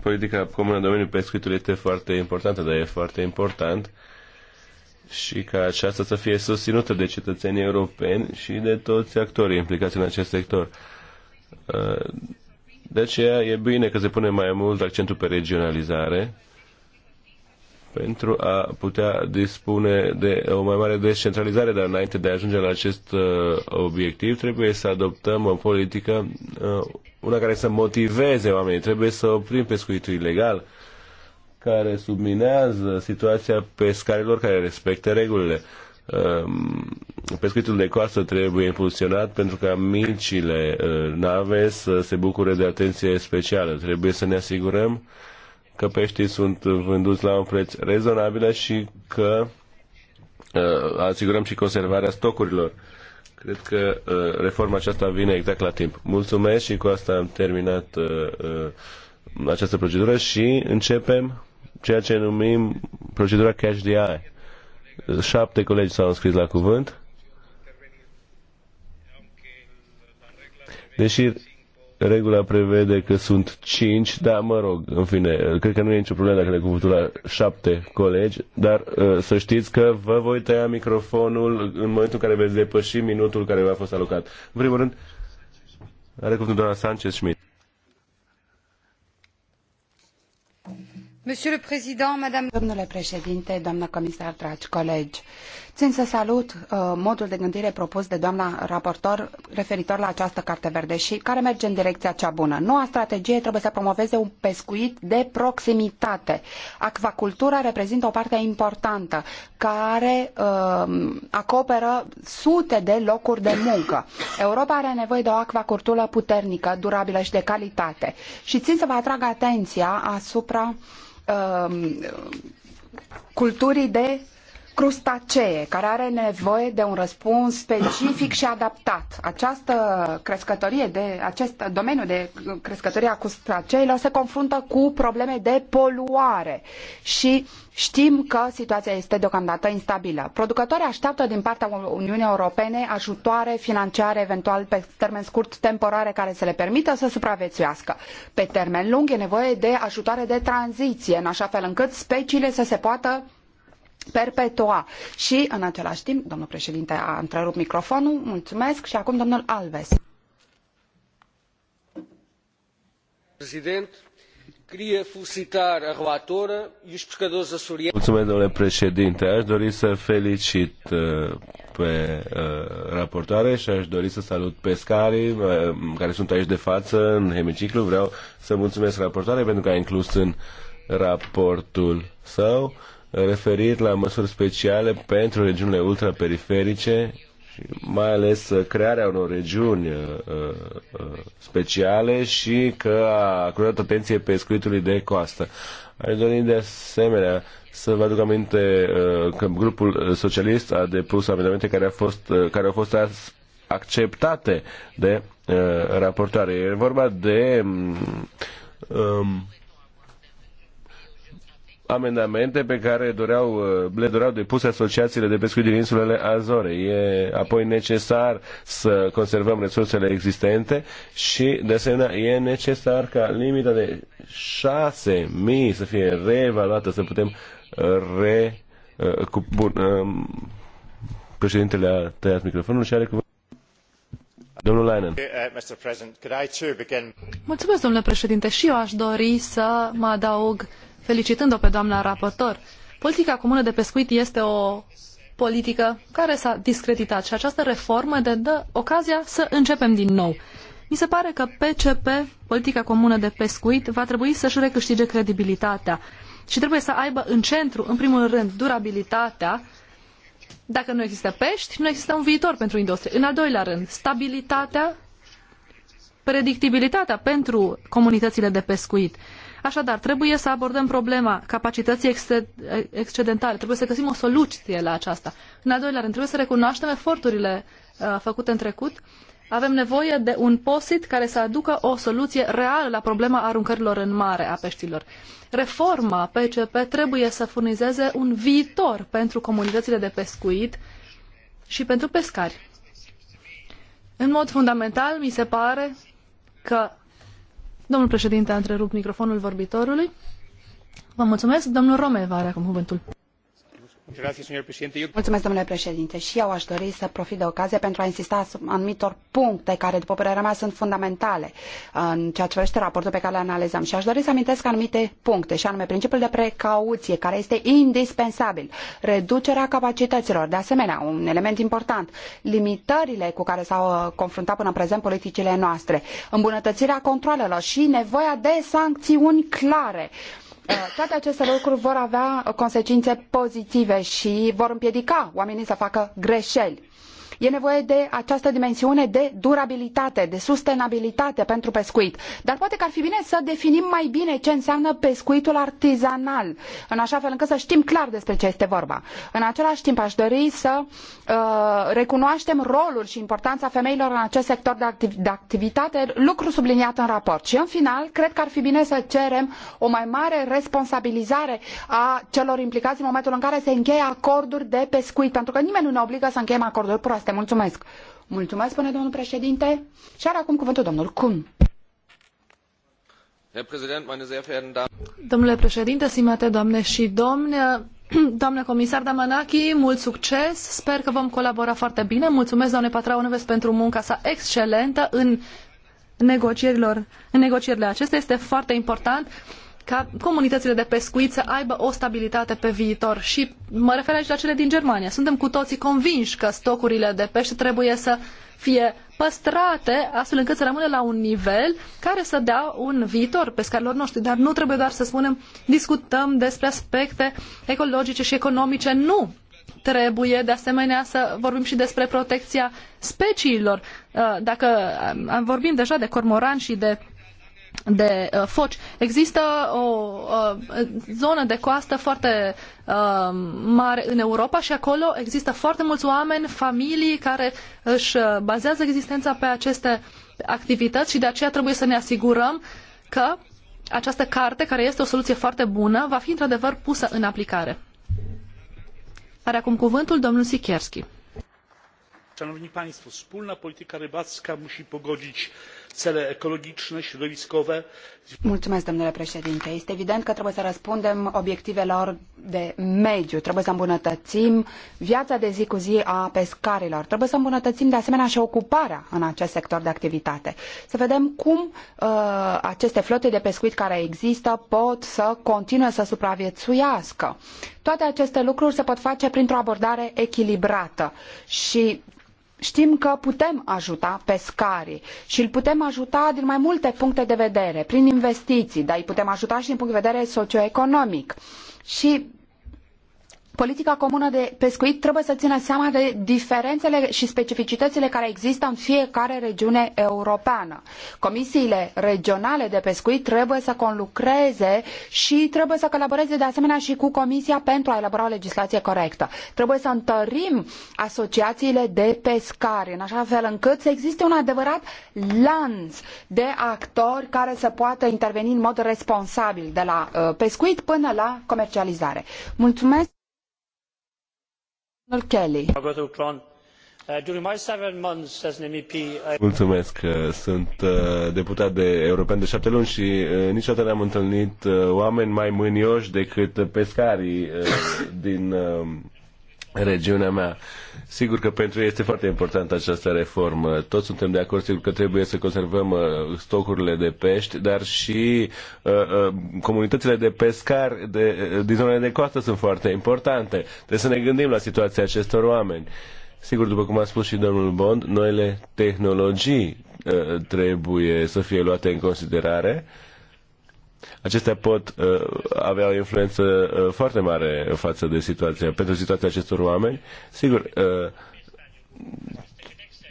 politica comună în domeniul pescuitului este foarte importantă, dar e foarte important și ca aceasta să fie susținută de cetățenii europeni și de toți actorii implicați în acest sector. Uh, de aceea e bine că se pune mai mult accentul pe regionalizare pentru a putea dispune de o mai mare descentralizare, dar înainte de a ajunge la acest uh, obiectiv trebuie să adoptăm o politică, uh, una care să motiveze oamenii, trebuie să oprim pescuitul ilegal, care subminează situația pescarilor care respectă regulile. Um, pescuitul de coastă trebuie impulsionat pentru ca micile uh, nave să se bucure de atenție specială. Trebuie să ne asigurăm că peștii sunt vânduți la un preț rezonabil și că uh, asigurăm și conservarea stocurilor. Cred că uh, reforma aceasta vine exact la timp. Mulțumesc și cu asta am terminat uh, uh, această procedură și începem ceea ce numim procedura cash the eye. Șapte colegi s-au înscris la cuvânt. Deși regula prevede că sunt 5, dar mă rog, în fine, cred că nu e nicio problemă dacă le cuvântul la 7 colegi, dar uh, să știți că vă voi tăia microfonul în momentul în care veți depăși minutul care v-a fost alocat. În primul rând, are cuvântul doamna Sanchez Schmidt. Domnule președinte, doamnă comisar, dragi colegi, Țin să salut uh, modul de gândire propus de doamna raportor referitor la această carte verde și care merge în direcția cea bună. Noua strategie trebuie să promoveze un pescuit de proximitate. Acvacultura reprezintă o parte importantă care uh, acoperă sute de locuri de muncă. Europa are nevoie de o acvacultură puternică, durabilă și de calitate. Și țin să vă atrag atenția asupra uh, culturii de crustacee, care are nevoie de un răspuns specific și adaptat. Această crescătorie de, acest domeniu de crescătorie a crustaceilor se confruntă cu probleme de poluare și știm că situația este deocamdată instabilă. Producătorii așteaptă din partea Uniunii Europene ajutoare financiare, eventual pe termen scurt, temporare, care să le permită să supraviețuiască. Pe termen lung e nevoie de ajutoare de tranziție, în așa fel încât speciile să se poată perpetua. Și, în același timp, domnul președinte a întrerupt microfonul, mulțumesc, și acum domnul Alves. Presidente, queria felicitar a relatora e os Mulțumesc, domnule președinte. Aș dori să felicit uh, pe uh, raportoare și aș dori să salut pescarii uh, care sunt aici de față în hemiciclu. Vreau să mulțumesc raportoare pentru că a inclus în raportul său referit la măsuri speciale pentru regiunile ultraperiferice și mai ales uh, crearea unor regiuni uh, uh, speciale și că a acordat atenție pescuitului de coastă. Aș dori de asemenea să vă aduc aminte că grupul socialist a depus amendamente care, a fost, care au fost acceptate de raportare. E vorba de mm, um, amendamente pe care doreau, uh, le doreau depuse asociațiile de pescuit din insulele Azore. E apoi necesar să conservăm resursele existente și, de asemenea, e necesar ca limita de 6.000 să fie reevaluată, să putem uh, re... Uh, cu, bun, um, președintele a tăiat microfonul și are cuvânt. Mulțumesc, domnule președinte. Și eu aș dori să mă adaug felicitând-o pe doamna raportor. Politica comună de pescuit este o politică care s-a discreditat și această reformă ne dă ocazia să începem din nou. Mi se pare că PCP, politica comună de pescuit, va trebui să-și recâștige credibilitatea și trebuie să aibă în centru, în primul rând, durabilitatea. Dacă nu există pești, nu există un viitor pentru industrie. În al doilea rând, stabilitatea, predictibilitatea pentru comunitățile de pescuit. Așadar, trebuie să abordăm problema capacității excedentare, trebuie să găsim o soluție la aceasta. În al doilea rând, trebuie să recunoaștem eforturile uh, făcute în trecut. Avem nevoie de un posit care să aducă o soluție reală la problema aruncărilor în mare a peștilor. Reforma PCP trebuie să furnizeze un viitor pentru comunitățile de pescuit și pentru pescari. În mod fundamental, mi se pare că Domnul președinte, a întrerupt microfonul vorbitorului. Vă mulțumesc. Domnul Rome va are acum cuvântul. Mulțumesc, domnule președinte. Și eu a dori să profit de ocazie pentru a insista asupra anumitor puncte care, după părerea mea, sunt fundamentale uh, în ceea ce privete raportul pe care îl analizăm. Și a dori să amintesc anumite puncte, și anume principiul de precauie care este indispensabil, reducerea capacităilor de asemenea, un element important, limitările cu care s-au uh, confruntat până în prezent politicile noastre, îmbunătățirea controlelor și nevoia de sancțiuni clare. Uh, toate aceste lucruri vor avea uh, consecințe pozitive și vor împiedica oamenii să facă greșeli. E nevoie de această dimensiune de durabilitate, de sustenabilitate pentru pescuit. Dar poate că ar fi bine să definim mai bine ce înseamnă pescuitul artizanal, în așa fel încât să știm clar despre ce este vorba. În același timp aș dori să uh, recunoaștem rolul și importanța femeilor în acest sector de, activ de activitate, lucru subliniat în raport. Și în final, cred că ar fi bine să cerem o mai mare responsabilizare a celor implicați în momentul în care se încheie acorduri de pescuit, pentru că nimeni nu ne obligă să încheiem acorduri proaste este. Mulțumesc. Mulțumesc, spune domnul președinte. Și are acum cuvântul domnul Kuhn. Domnule președinte, simate doamne și domni, doamne comisar Damanaki, mult succes! Sper că vom colabora foarte bine. Mulțumesc, doamne Patrao pentru munca sa excelentă în, negocierilor, în negocierile acestea. Este foarte important ca comunitățile de pescuit să aibă o stabilitate pe viitor. Și mă refer aici la cele din Germania. Suntem cu toții convinși că stocurile de pește trebuie să fie păstrate astfel încât să rămână la un nivel care să dea un viitor pescarilor noștri. Dar nu trebuie doar să spunem, discutăm despre aspecte ecologice și economice. Nu! Trebuie de asemenea să vorbim și despre protecția speciilor. Uh, dacă vorbim deja de cormoran și de de uh, foci. Există o uh, zonă de coastă foarte uh, mare în Europa și acolo există foarte mulți oameni, familii care își uh, bazează existența pe aceste activități și de aceea trebuie să ne asigurăm că această carte, care este o soluție foarte bună, va fi într-adevăr pusă în aplicare. Are acum cuvântul domnul Sikierski. Szanowni Państwo, wspólna polityka rybacka musi pogodzić cele ecologiczne, środowiskowe. domnule președinte. Este evident că trebuie să răspundem obiectivelor de mediu. Trebuie să îmbunătățim viața de zi cu zi a pescarilor. Trebuie să îmbunătățim de asemenea și ocuparea în acest sector de activitate. Să vedem cum uh, aceste flote de pescuit care există pot să continue să supraviețuiască. Toate aceste lucruri se pot face printr-o abordare echilibrată și știm că putem ajuta pescarii și îl putem ajuta din mai multe puncte de vedere, prin investiții, dar îi putem ajuta și din punct de vedere socioeconomic. Și politica comună de pescuit trebuie să țină seama de diferențele și specificitățile care există în fiecare regiune europeană. Comisiile regionale de pescuit trebuie să conlucreze și trebuie să colaboreze de asemenea și cu Comisia pentru a elabora o legislație corectă. Trebuie să întărim asociațiile de pescari în așa fel încât să existe un adevărat lanț de actori care să poată interveni în mod responsabil de la uh, pescuit până la comercializare. Mulțumesc! Mulțumesc. Sunt uh, deputat de european de șapte luni și uh, niciodată n-am întâlnit uh, oameni mai mânioși decât pescarii din regiunea mea. Sigur că pentru ei este foarte importantă această reformă. Toți suntem de acord, sigur că trebuie să conservăm uh, stocurile de pești, dar și uh, uh, comunitățile de pescari de, uh, din zonele de coastă sunt foarte importante. Trebuie să ne gândim la situația acestor oameni. Sigur, după cum a spus și domnul Bond, noile tehnologii uh, trebuie să fie luate în considerare uh, acestea pot uh, avea o influență uh, foarte mare față de situația, pentru situația acestor oameni. Sigur, uh,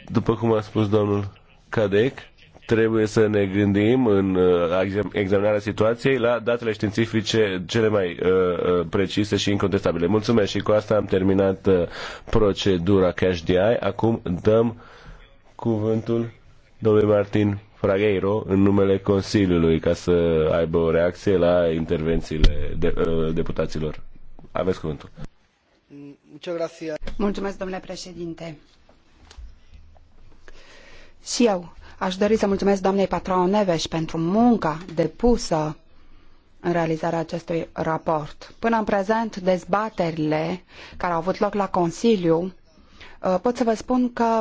după cum a spus domnul Cadec, trebuie să ne gândim în uh, examinarea situației la datele științifice cele mai uh, uh, precise și incontestabile. Mulțumesc și cu asta am terminat uh, procedura Cash DI. Acum dăm cuvântul domnului Martin Fragheiro în numele Consiliului ca să aibă o reacție la intervențiile de, uh, deputaților. Aveți cuvântul. Mulțumesc, domnule președinte. Și eu aș dori să mulțumesc doamnei Patrao Neveș pentru munca depusă în realizarea acestui raport. Până în prezent, dezbaterile care au avut loc la Consiliu uh, pot să vă spun că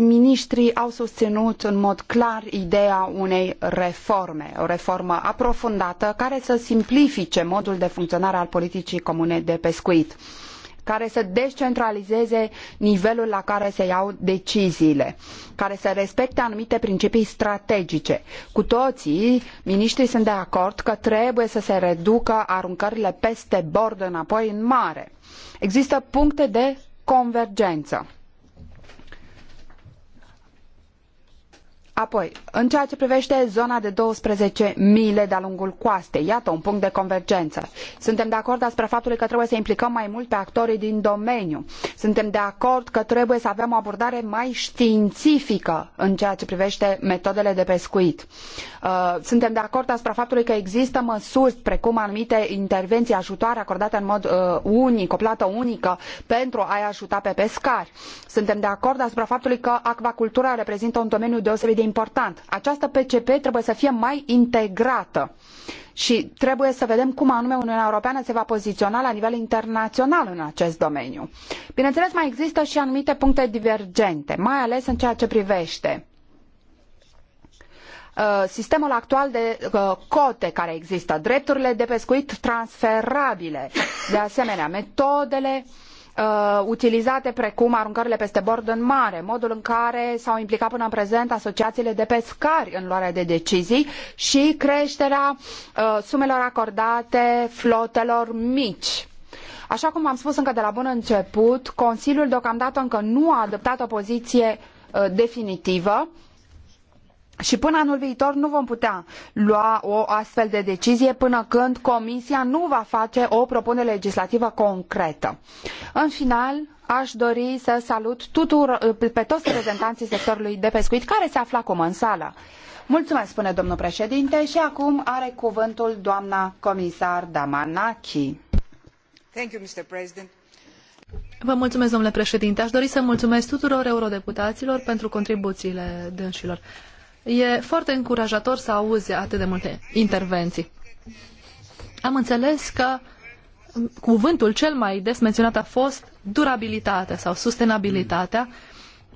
Ministrii au susținut în mod clar ideea unei reforme, o reformă aprofundată care să simplifice modul de funcționare al politicii comune de pescuit, care să descentralizeze nivelul la care se iau deciziile, care să respecte anumite principii strategice. Cu toții, ministrii sunt de acord că trebuie să se reducă aruncările peste bord înapoi în mare. Există puncte de convergență Apoi, în ceea ce privește zona de 12 mile de-a lungul coastei, iată un punct de convergență. Suntem de acord asupra faptului că trebuie să implicăm mai mult pe actorii din domeniu. Suntem de acord că trebuie să avem o abordare mai științifică în ceea ce privește metodele de pescuit. Uh, suntem de acord asupra faptului că există măsuri precum anumite intervenții ajutoare acordate în mod uh, unic, o plată unică pentru a-i ajuta pe pescari. Suntem de acord asupra faptului că acvacultura reprezintă un domeniu deosebit de important. Această PCP trebuie să fie mai integrată și trebuie să vedem cum anume Uniunea Europeană se va poziționa la nivel internațional în acest domeniu. Bineînțeles, mai există și anumite puncte divergente, mai ales în ceea ce privește uh, sistemul actual de uh, cote care există, drepturile de pescuit transferabile, de asemenea metodele uh, uh, utilizate precum aruncările peste bord în mare, modul în care s-au implicat până în prezent asociațiile de pescari în luarea de decizii și creșterea uh, sumelor acordate flotelor mici. Așa cum am spus încă de la bun început, Consiliul deocamdată încă nu a adoptat o poziție uh, definitivă uh, și până anul viitor nu vom putea lua o astfel de decizie până când Comisia nu va face o propunere legislativă concretă. În final, aș dori să salut pe toți reprezentanții sectorului de pescuit care se află acum în sală. Mulțumesc, spune domnul președinte, și acum are cuvântul doamna comisar Damanaki. Thank you, Mr. President. Vă mulțumesc, domnule președinte. Aș dori să mulțumesc tuturor eurodeputaților pentru contribuțiile dânșilor. E foarte încurajator să auzi atât de multe intervenții. Am înțeles că cuvântul cel mai des menționat a fost durabilitatea sau sustenabilitatea.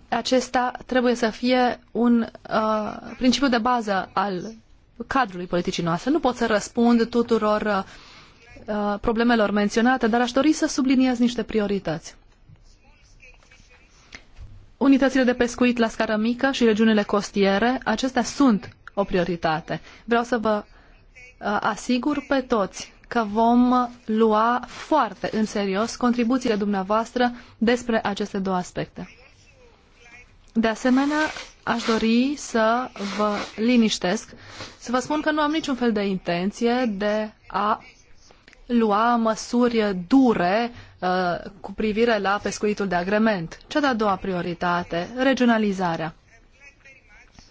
Acesta trebuie să fie un uh, principiu de bază al cadrului politicii noastre. Nu pot să răspund tuturor uh, problemelor menționate, dar aș dori să subliniez niște priorități unitățile de pescuit la scară mică și regiunile costiere, acestea sunt o prioritate. Vreau să vă uh, asigur pe toți că vom lua foarte în serios contribuțiile dumneavoastră despre aceste două aspecte. De asemenea, aș dori să vă liniștesc, să vă spun că nu am niciun fel de intenție de a lua măsuri dure Uh, cu privire la pescuitul de agrement. Cea de-a doua prioritate, regionalizarea.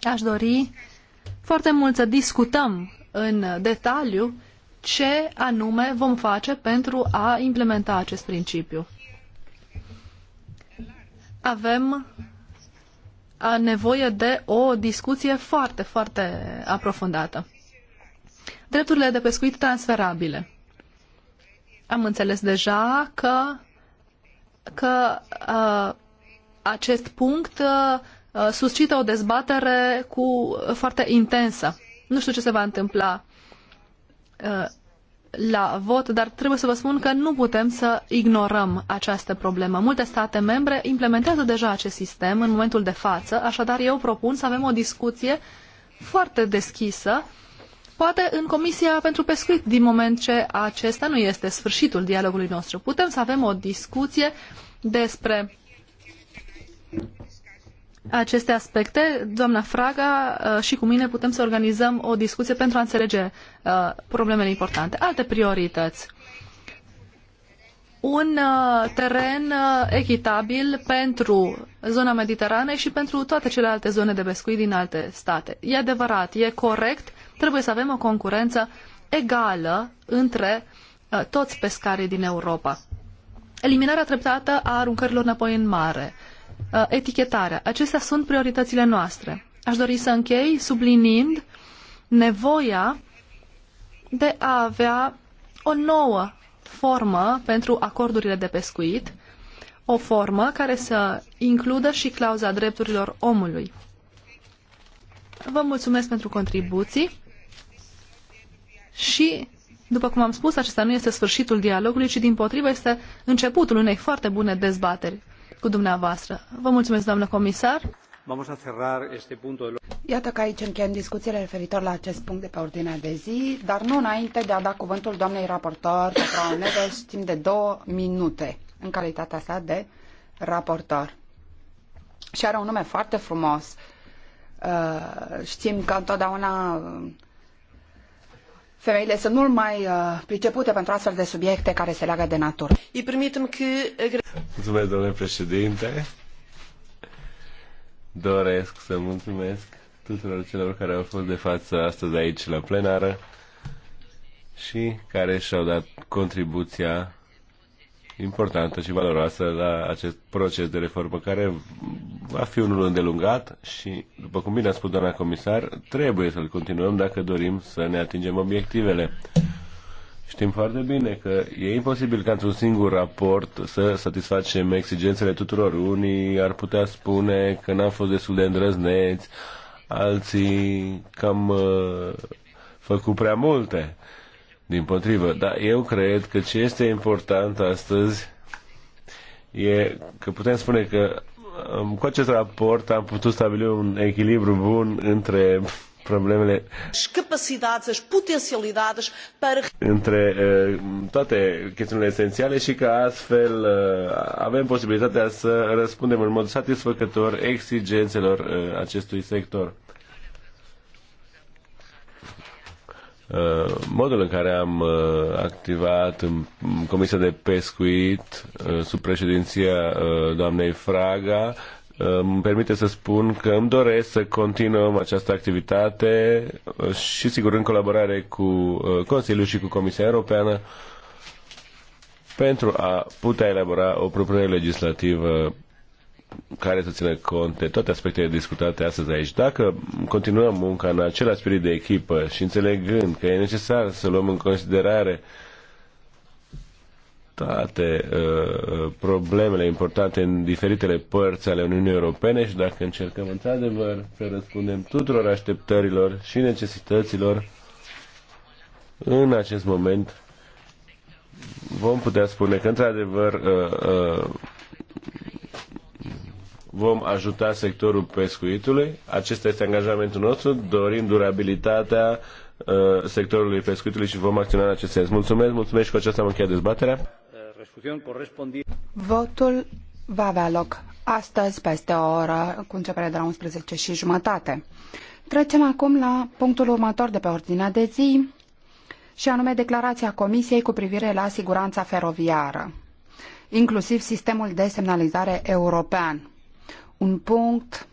Aș dori foarte mult să discutăm în detaliu ce anume vom face pentru a implementa acest principiu. Avem nevoie de o discuție foarte, foarte aprofundată. Drepturile de pescuit transferabile am înțeles deja că, că uh, acest punct uh, uh suscită o dezbatere cu, uh, foarte intensă. Nu știu ce se va întâmpla uh, la vot, dar trebuie să vă spun că nu putem să ignorăm această problemă. Multe state membre implementează deja acest sistem în momentul de față, așadar eu propun să avem o discuție foarte deschisă uh, poate în Comisia pentru Pescuit, din moment ce acesta nu este sfârșitul dialogului nostru. Putem să avem o discuție despre aceste aspecte. Doamna Fraga uh, și cu mine putem să organizăm o discuție pentru a înțelege uh, problemele importante. Alte priorități un uh, teren echitabil pentru zona mediteranei și pentru toate celelalte zone de pescuit din alte state. E adevărat, e corect trebuie să avem o concurență egală între uh, toți pescarii din Europa. Eliminarea treptată a aruncărilor înapoi în mare, uh, etichetarea, acestea sunt prioritățile noastre. Aș dori să închei sublinind nevoia de a avea o nouă formă pentru acordurile de pescuit, o formă care să includă și clauza drepturilor omului. Vă mulțumesc pentru contribuții și, după cum am spus, acesta nu este sfârșitul dialogului, ci din potrivă este începutul unei foarte bune dezbateri cu dumneavoastră. Vă mulțumesc, doamnă comisar. Iată că aici încheiem discuțiile referitor la acest punct de pe ordinea de zi, dar nu înainte de a da cuvântul doamnei raportor Petra Neves timp de două minute în calitatea sa de raportor. Și are un nume foarte frumos. Uh, știm că întotdeauna Femeile sunt mult mai uh, pricepute pentru astfel de subiecte care se leagă de natură. Îi permitem că... Mulțumesc, domnule președinte. Doresc să mulțumesc tuturor celor care au fost de față astăzi aici la plenară și care și-au dat contribuția importantă și valoroasă la acest proces de reformă, care va fi unul îndelungat și, după cum bine a spus doamna comisar, trebuie să-l continuăm dacă dorim să ne atingem obiectivele. Știm foarte bine că e imposibil ca într-un singur raport să satisfacem exigențele tuturor. Unii ar putea spune că n-am fost destul de îndrăzneți, alții cam uh, făcut prea multe. Uh, din potrivă. Dar eu cred că ce este important astăzi e că putem spune că um, cu acest raport am putut stabili un echilibru bun între problemele as între uh, toate chestiunile esențiale și că astfel uh, avem posibilitatea să răspundem în mod satisfăcător exigențelor uh, acestui sector. Uh, modul în care am uh, activat în Comisia de Pescuit uh, sub președinția doamnei Fraga îmi permite să spun că îmi doresc să continuăm această activitate și sigur în colaborare cu Consiliul și cu Comisia Europeană pentru a putea elabora o propunere legislativă care să țină cont de toate aspectele discutate astăzi aici. Dacă continuăm munca în același spirit de echipă și înțelegând că e necesar să luăm în considerare toate uh, uh problemele importante în diferitele părți ale Uniunii Europene și dacă încercăm într-adevăr să răspundem tuturor așteptărilor și necesităților în acest moment vom putea spune că într-adevăr uh, uh, vom ajuta sectorul pescuitului. Acesta este angajamentul nostru. Dorim durabilitatea uh, sectorului pescuitului și vom acționa în acest sens. Mulțumesc, mulțumesc și cu aceasta am încheiat dezbaterea. Votul va avea loc astăzi peste o oră cu începere de la 11 și jumătate. Trecem acum la punctul următor de pe ordinea de zi și anume declarația Comisiei cu privire la siguranța feroviară, inclusiv sistemul de semnalizare european un punct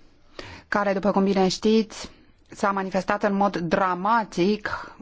care, după cum bine știți, s-a manifestat în mod dramatic